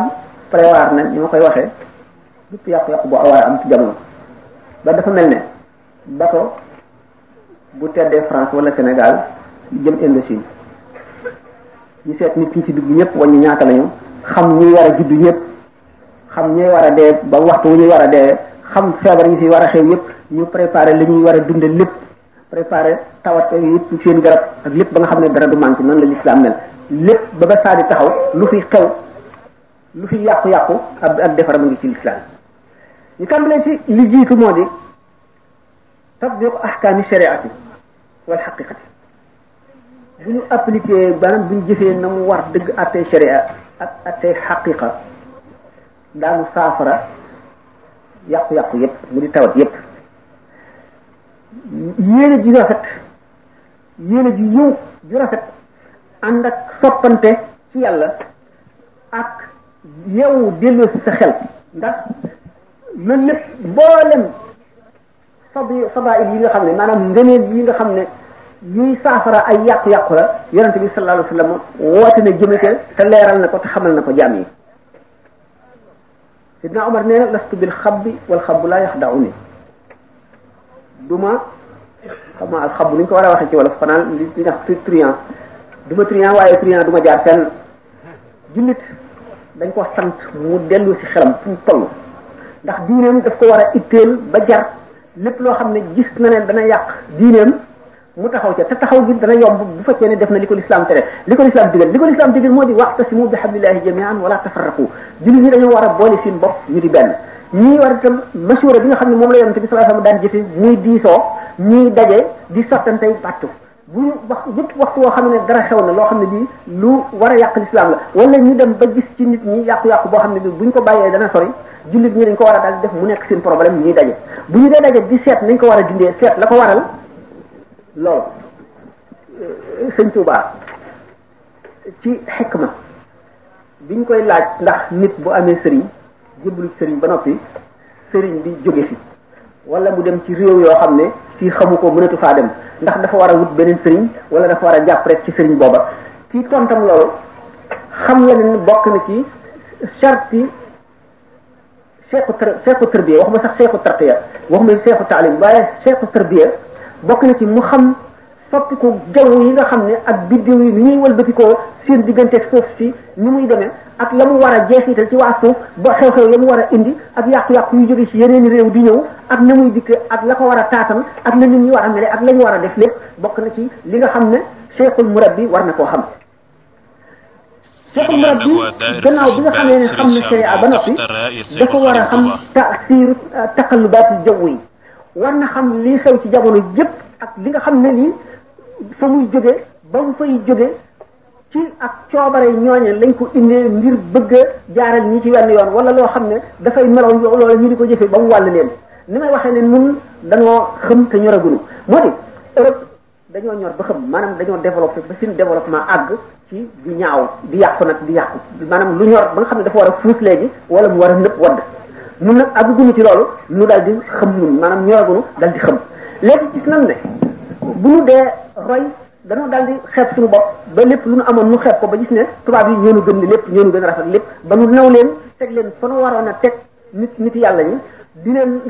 prévoir na ni ma koy waxee lépp yàqu-yàqu bu war am ci jamono ba dafa mel ne bato bu teddee France wala Sénégal jëm Indochine ñu seet nit ki ci dugg ñëpp waññu ñaata lañu xam ñi war a juddu ñëpp xam ñuy war a dee ba waxtu wu ñuy war a dee xam feebar ñu fi war a xew yëpp ñu préparé li ñuy war a dundal lépp préparé tawat yëpp seen garab ak lépp ba nga xam ne dara du manqué noonu la lislaam mel lépp ba ba saa taxaw lu fi xew lu fi yàqu-yàqu ak ak defar ma ngi ci lislaam ñu tàmbalee ci li jiitu moo di tatbiq ahkaami shariati wal xaqiqati bu ñu appliqué maanaam bu ñu jëfee na mu war dëgg attey sharia ak attey xaqiqa daanu saafara yàqu-yàqu yépp mu di tawat yépp yéene ji rafet yéene ji yëw rafet ànd ak ci yàlla ak yow dellu sa xel ndax na lépp mboolem fadi fadail yi nga xam ne maanaam ngëneel yi nga xam ne yuy saafara ay yàqu-yàqu la yonente bi sallallahu alayhi wasallam woote na jëme ca te leeral na ko te xamal na ko jaam yi sidna Omar nee na lastu bil xabbi wal xabbu laa yaxda'uni duma xam nga al xabbu ni ñu ko war a waxee ci wolof xanaa li li ndax truand duma truand waaye truand duma jaar fenn jullit dañ ko sant mu dellu si xelam fu mu toll ndax diineem daf ko war a itteel ba jar lépp loo xam ne gis na ne dana yàq diineem mu taxaw ca te taxaw gi dana yomb bu fekkee ne def na li ko lislaam tere li ko lislaam digal li ko lislaam digal moo di waxtasimu bi hablillahi jami'an wala tafarraqu jullit ñi dañoo war a boole di benn bi nga xam ne moom la yonente bi sallallahu alayhi wasallam daan jëfe bu wax yëpp waxtu woo xam ne dara xew na loo xam ne bii lu war a yàq lislaam la wala ñu dem ba gis ci nit ñi yàqu-yàqu boo xam ne bi buñ ko bàyyee dana sori jullit ñi dañ ko war a daal def mu nekk seen problème ñuy daje bu ñu dee daje di seet nañ ko war a dindee seet la ko waral lool sëñ Touba ci xikma biñ koy laaj ndax nit bu amee sëriñ jébbalu ci sëriñ ba noppi sëriñ bi jóge fi wala mu dem ci réew yoo xam ne fii xamu ko mënatu faa dem ndax dafa war a wut beneen sëriñ wala dafa war a jàpp rek ci seriñ booba ci tontam loolu xam la ne bokk na ci charti seexu tër seexu wax ma sax seexu tarqiya waxuma seexu taalim waaye seexu tërbiya bokk na ci mu xam soppiku jaww yi nga xam ne ak biddiw yi ni ñuy wëlbatikoo seen diggante suuf si ni muy demee ak la mu war a jeexital ci waa suuf ba xew-xew la war a indi ak yàqu-yàqu yu jóge ci yeneen réew di ñëw ak na muy dikk ak la ko war a taatal ak la nit ñi war a mele ak la ñu war a def lépp bokk na ci li nga xam ne cheikhul murabbi war na koo xam cheikhul murabbi gannaaw bi xamee ne xam na sharia ba noppi dafa war a xam tasiir taqalubaat jaww yi war na xam lii xew ci jamono yépp ak li nga xam ne lii fa muy jóge ba mu fay jóge ci ak coobare ñooñe lañ ko indee ngir bëgg a jaaral ñi ci wenn yoon wala loo xam ne dafay melow yow loola ñu di ko jëfee ba mu wàll leen ni may waxee ne nun dañoo xëm te ñoragunu moo di Europe dañoo ñor ba xam maanaam dañoo développé ba suñu développement àgg ci di ñaaw di yàqu nag di yàqu maanaam lu ñor ba nga xam ne dafa war a fuus léegi wala mu war a nëpp wadd nun nag àgguñu ci loolu nu daal di xam nun maanaam ñoraguñu daal di xam léegi gis nañ ne bu nu dee roy dañoo daal di xeeb suñu bopp ba lépp lu nu amoon nu xeeb ko ba gis ne tubaab yi ñoonu gën ni lépp ñoonu gën a rafet lépp ba nu naw leen teg leen fa waroon a teg nit nit yàlla ñi di leen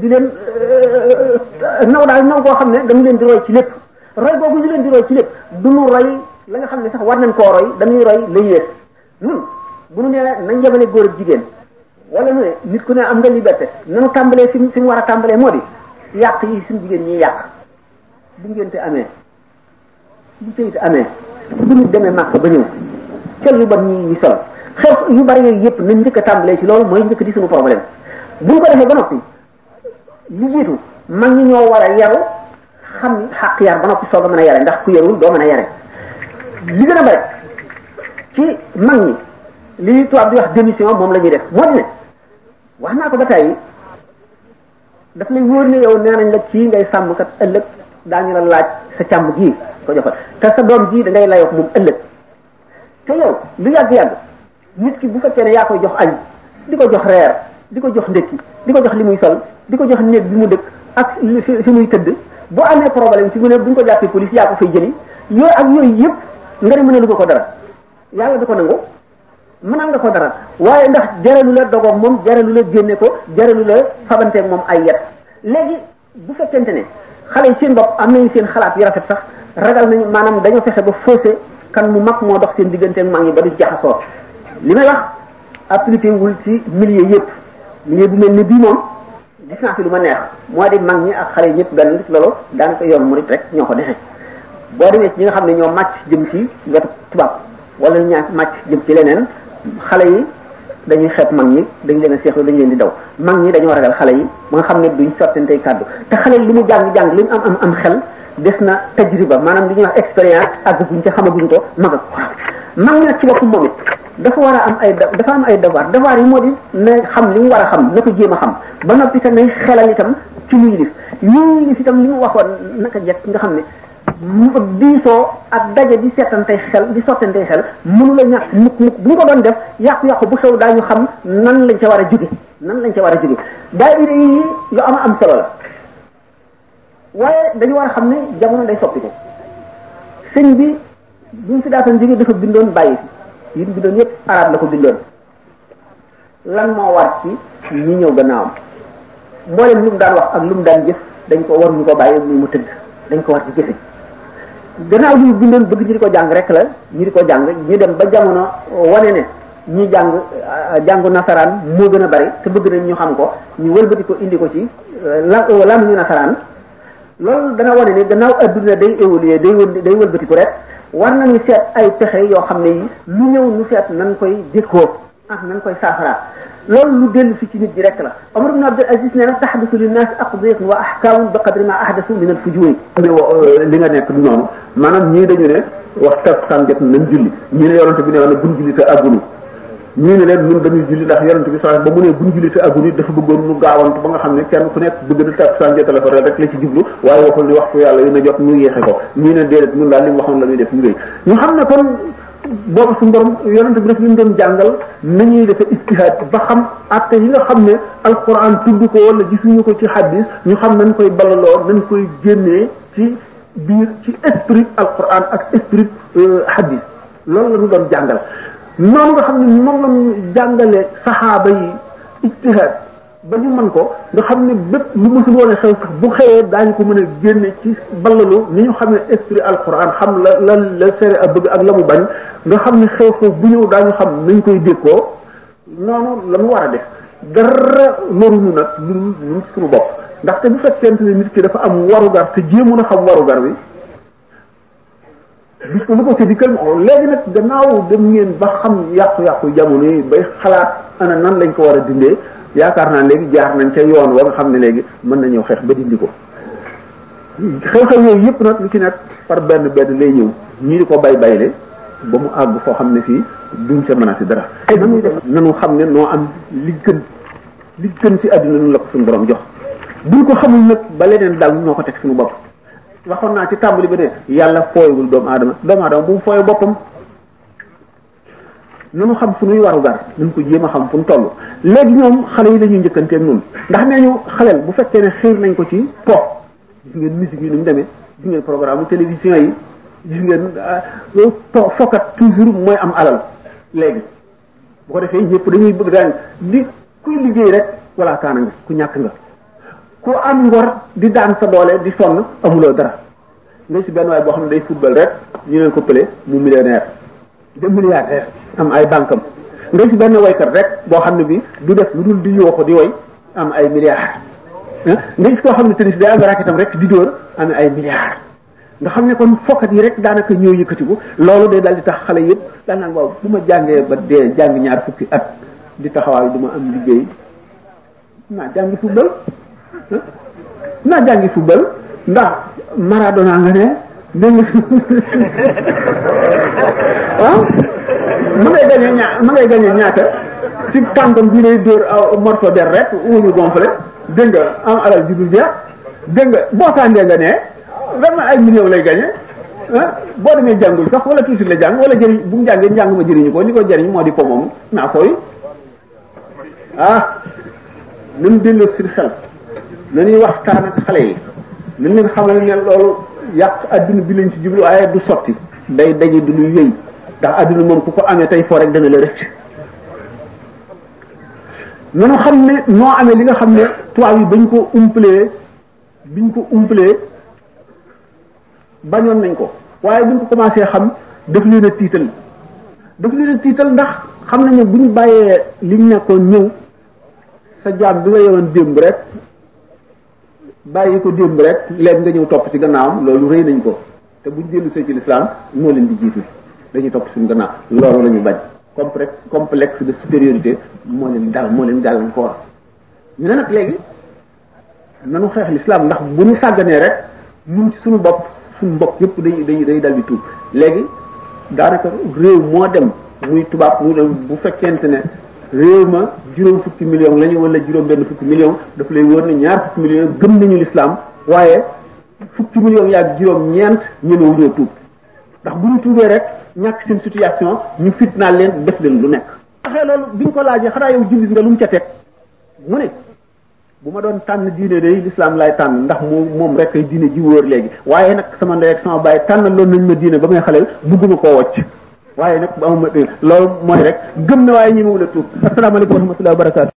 di leen euh, naw daal naw koo xam ne dañu leen di roy ci lépp roy boobu ñu leen di roy ci lépp du nu roy la nga xam ne sax war nañ koo roy dañuy roy la yées nun bu nu nee nañ yemale góor ak jigéen wala ñu ne nit ku ne am nga liberté nanu tàmbalee fi fi mu war a tàmbalee moo di yàq yi suñu jigéen ñi yàq bu ngénte amee bu cëyit amee bu nit demee màkk ba ñëw col yu ñi ñi sol yu bari yooyu yëpp nañ njëkk a tàmbalee ci loolu mooy njëkk di suñu problème bu ñu ko defee ba noppi li jiitu mag ñi ñoo war a yaru xam ni xaq yar ba noppi soog a mën a yare ndax ku yarul doo mën a yare li gën a bari ci mag ñi li tubaab di wax démission moom la ñuy def moo di wax naa ko ba tey daf lay wóor ne yow nee nañ la kii ngay sàmm kat ëllëg daañu la laaj sa càmm ji ko joxal te sa doom ji da ngay layox moom ëllëg te yow lu yàgg-yàgg nit ki bu fekkee ne yaa koy jox añ di ko jox reer di ko jox ndekki di ko jox li muy sol di ko jox néeg bi mu dëkk ak fi muy tëdd boo amee problème fi mu ne bu ñu ko jàppee police yaa ko fay jëli yooyu ak yooyu yëpp nga ne mënalu ko ko dara yàlla da ko nangu mënal nga ko dara waaye ndax jaralu la dogoog moom jaralu la génne ko jaralu la fabanteeg moom ay yet léegi bu fekkente ne xale yi seen bopp am nañu seen xalaat yu rafet sax ragal nañu maanaam dañoo fexe ba faussé kan mu mag moo dox seen digganteeg mag yi ba du jaxasoo li may wax appliqué wul ci milieu yëpp milieu bu mel ni bii moom gis naa fi lu ma neex moo di mag ñi ak xale yi ñëpp benn nit loolu daanaka yoon mu murit rek ñoo ko defe boo demee ci ñi nga xam ne ñoo màcc jëm ci wetu tubaab wala ñaa màcc jëm ci leneen xale yi dañuy xeeb mag ñi dañ leen a seexlu dañ leen di daw mag ñi dañoo ragal xale yi ba nga xam ne duñ sottantey kàddu te xale li mu jàng-jàng li mu am am am xel des na tajriba maanaam li ñuy wax expérience ak buñ ca xamaguñ ko mag ak xora mag ñi nag ci boppam moom it dafa war a am ay dafa am ay devoir devoir yi moo di na xam li mu war a xam na ko jéem a xam ba noppi te nay xelal itam ci muy lif ñuy lif itam li mu waxoon naka jekk nga xam ne diisoo ak daje di seetante xel di sottante xel mënu la ñàkk mukk mukk bu ñu ko doon def yàqu-yàqu bu xew daañu xam nan lañ ca war a jóge nan lañ ca war a jóge daayira yi lu am am solo la waaye dañu war a xam ne jamono day soppi bi bu ñu fi daatan jóge dafa bindoon bàyyi yi bindoon yépp arab la ko bindoon lan moo war ci ñi ñëw gannaawam mboolem lu mu daan wax ak lu mu daan jëf dañ ko war ñu ko bàyyi muy mu tëgg dañ ko war di jëfe gannaaw li mu bëgg ñu ko jàng rek la ñu di ko jàng ñu dem ba jamono wane ne ñi jàng euh, jàngu nasaraan moo gën a bari te bëgg nañ ñu xam ko ñu wëlbati ko indi ko ci la euh, lan ñu euh, nasaraan loolu dana wane ne gannaaw adduna day évoluer day wël day wëlbati rek war nañu seet ay pexe yoo xam ne yi lu ñëw ñu seet nañ koy jëkkoo ah nañ koy saafara loolu lu dellu si ci nit ji rek la Omar ibn Abdul Aziz nee na tahdathu euh, li nga nekk du noonu maanaam ñii dañu ne wax takkusaan jot nañ julli ñii ne yonente bi ne woon buñ julli te àggunu ñii ne leen ñun kenn ku nekk bëgg na takkusaan ko la ci jublu waaye waxul ni waxtu yàlla yi na jot mu yéexe ko ñii ne déedéet ñun daal li waxoon la def ñu ñu xam ne kon booba suñu borom yonente bi daf ñu doon jàngal nañuy dafa istihaad ba xam atte yi nga xam ne alquran tudd ko wala gisuñu ko ci hadis ñu xam nañ koy balaloo nañ koy génnee ci biir ci esprit alquran ak esprit hadis euh, loolu la ñu doon jàngal noonu nga xam ne moom lañu jàngale saxaaba yi istihaad ba ñu mën ko nga xam ne bépp lu mësul woon a xew sax bu xëyee daañu ko mën a génne ci ballalu ni ñu xam ne esprit alquran xam la la la sere a bëgg ak la mu bañ nga xam ni xew-xew bu ñëw daañu xam nañ koy déggoo noonu la mu war a def dara lorunu suñu bopp ndaxte bu fekkente ne nit ki dafa am warugar te jéemun a xam warugar bi bis ko lu ko si dikkal ma ko léegi nag gannaaw dem ngeen ba xam yàqu-yàqu jamono yi bay xalaat ana nan lañ ko war a dindee yaakaar naa léegi jaar nañ ca yoon wa nga xam ne léegi mën nañoo xeex ba dindi ko xew-xew yooyu yëpp nag lu ci nekk par benn benn lay ñëw ñii di ko bay bayle ba mu àgg foo xam ne fii duñ sa mën a si dara. ay nañu def nañu xam ne noo am li gën li gën ci àdduna ñu la ko suñu borom jox buñ ko xamul nag ba leneen dal ñoo ko teg suñu bopp waxoon naa ci tàmbali yi ne yàlla fooyewul doomu aadama doomu aadama bu mu fooyee boppam. nanu xam suñuy warugar nañ ko jéem a xam fu ñu toll léegi ñoom xale yi dañuy njëkkanteeg ñun ndax nee ñu xaleel bu fekkee ne xiir nañ ko ci po gis ngeen musique yi nu demee gis programme télévision yi gis ngeen euh, euh, po fokkat toujours mooy am alal léegi boo ko defee ñëpp dañuy bëgg daan di kuy liggéey rek walla kaana ku ñàkk nga ku am ngor di daan sa doole di sonn amuloo dara nga si benn waay boo xam ne day football rek ñu leen ko pële mu millionnaire de milliardaire am ay bànkam nga gis benn woykat rek boo xam ne bi du def lu dul di yooxu di woy am ay milliards nga gis koo xam ne tennis day am raketam rek di dóor am ay milliards nga xam ne kon fokkat yi rek daanaka ñoo yëkkatiku loolu day daal di tax xale yëpp daan naan ma jàngee ba jàng ñaar fukki at di taxawaal du ma am liggéey naa jàngi football naa ndax Maradona nga ne dégg nga ah ma ngay gagné ñaa ma ngay gagné ñaata ci tànkam bi lay dóor aw ah, morceau der rek wuñu gonflé dégg nga am alal ji du jeex dégg nga boo tàndee nga ne vraiment ay millions lay gagné ah boo demee jàngul sax wala tuuti la jàng wala jëriñ bu mu jàngee njàng ma jëriñu ko li ko jëriñ moo di ko moom naa koy ah na mu delloo si xel na ñuy waxtaan ak xale yi nañ leen xamal ne loolu yàq adduna bi lañ ci jublu waaye du sotti day daje du lu yëy. ndax adduna moom ku ko amee tey foo rek dana la rëcc nanu xam ne noo amee li nga xam ne tubaab yi bañ ko umpalee biñ ko umpalee bañoon nañ ko waaye buñ ko commencé xam def leen a tiital daf leen a tiital ndax xam bu buñ bàyyee liñ nekkoon ñëw sa jaam bi nga yewoon démb rek bàyyi ko démb rek léegi nga ñëw topp ci am loolu rëy nañ ko te buñ dellu see ci lislaam moo leen di jiitu dañuy topp suñu gannaaw loolu la ñu bañ complexe complexe de supériorité moo leen dal moo leen gàllankoor ñu ne nag léegi nanu xeex l'islam ndax bu ñu sàgganee rek ñun ci suñu bopp suñu mbokk yëpp day day day dal di tuub léegi daanaka réew moo dem muy tubaab mu dem bu fekkente ne réew ma juróom fukki million la ñu wala juróom benn fukki million daf lay wóor na ñaar fukki million gëm nañu lislaam waaye fukki million yaag juróom ñeent ñenewuñoo tuub ndax bu ñu tuubee rek ñàkk seen situation ñu fitnaal leen def leen lu nekk. waxee loolu bi ñu ko laajee xanaa yow jullit nga lu mu ca teg mu ne bu ma doon tànn diine day lislaam laay tànn ndax moom moom rek diine ji wóor léegi waaye nag sama ndey ak sama baay tànn loolu nañ ma diine ba muy xaleel bugguma koo wocc waaye nag bu ma loolu mooy rek gëm na waaye ñu ma wula tuub asalaamaaleykum wa rahmatullahi barakaatu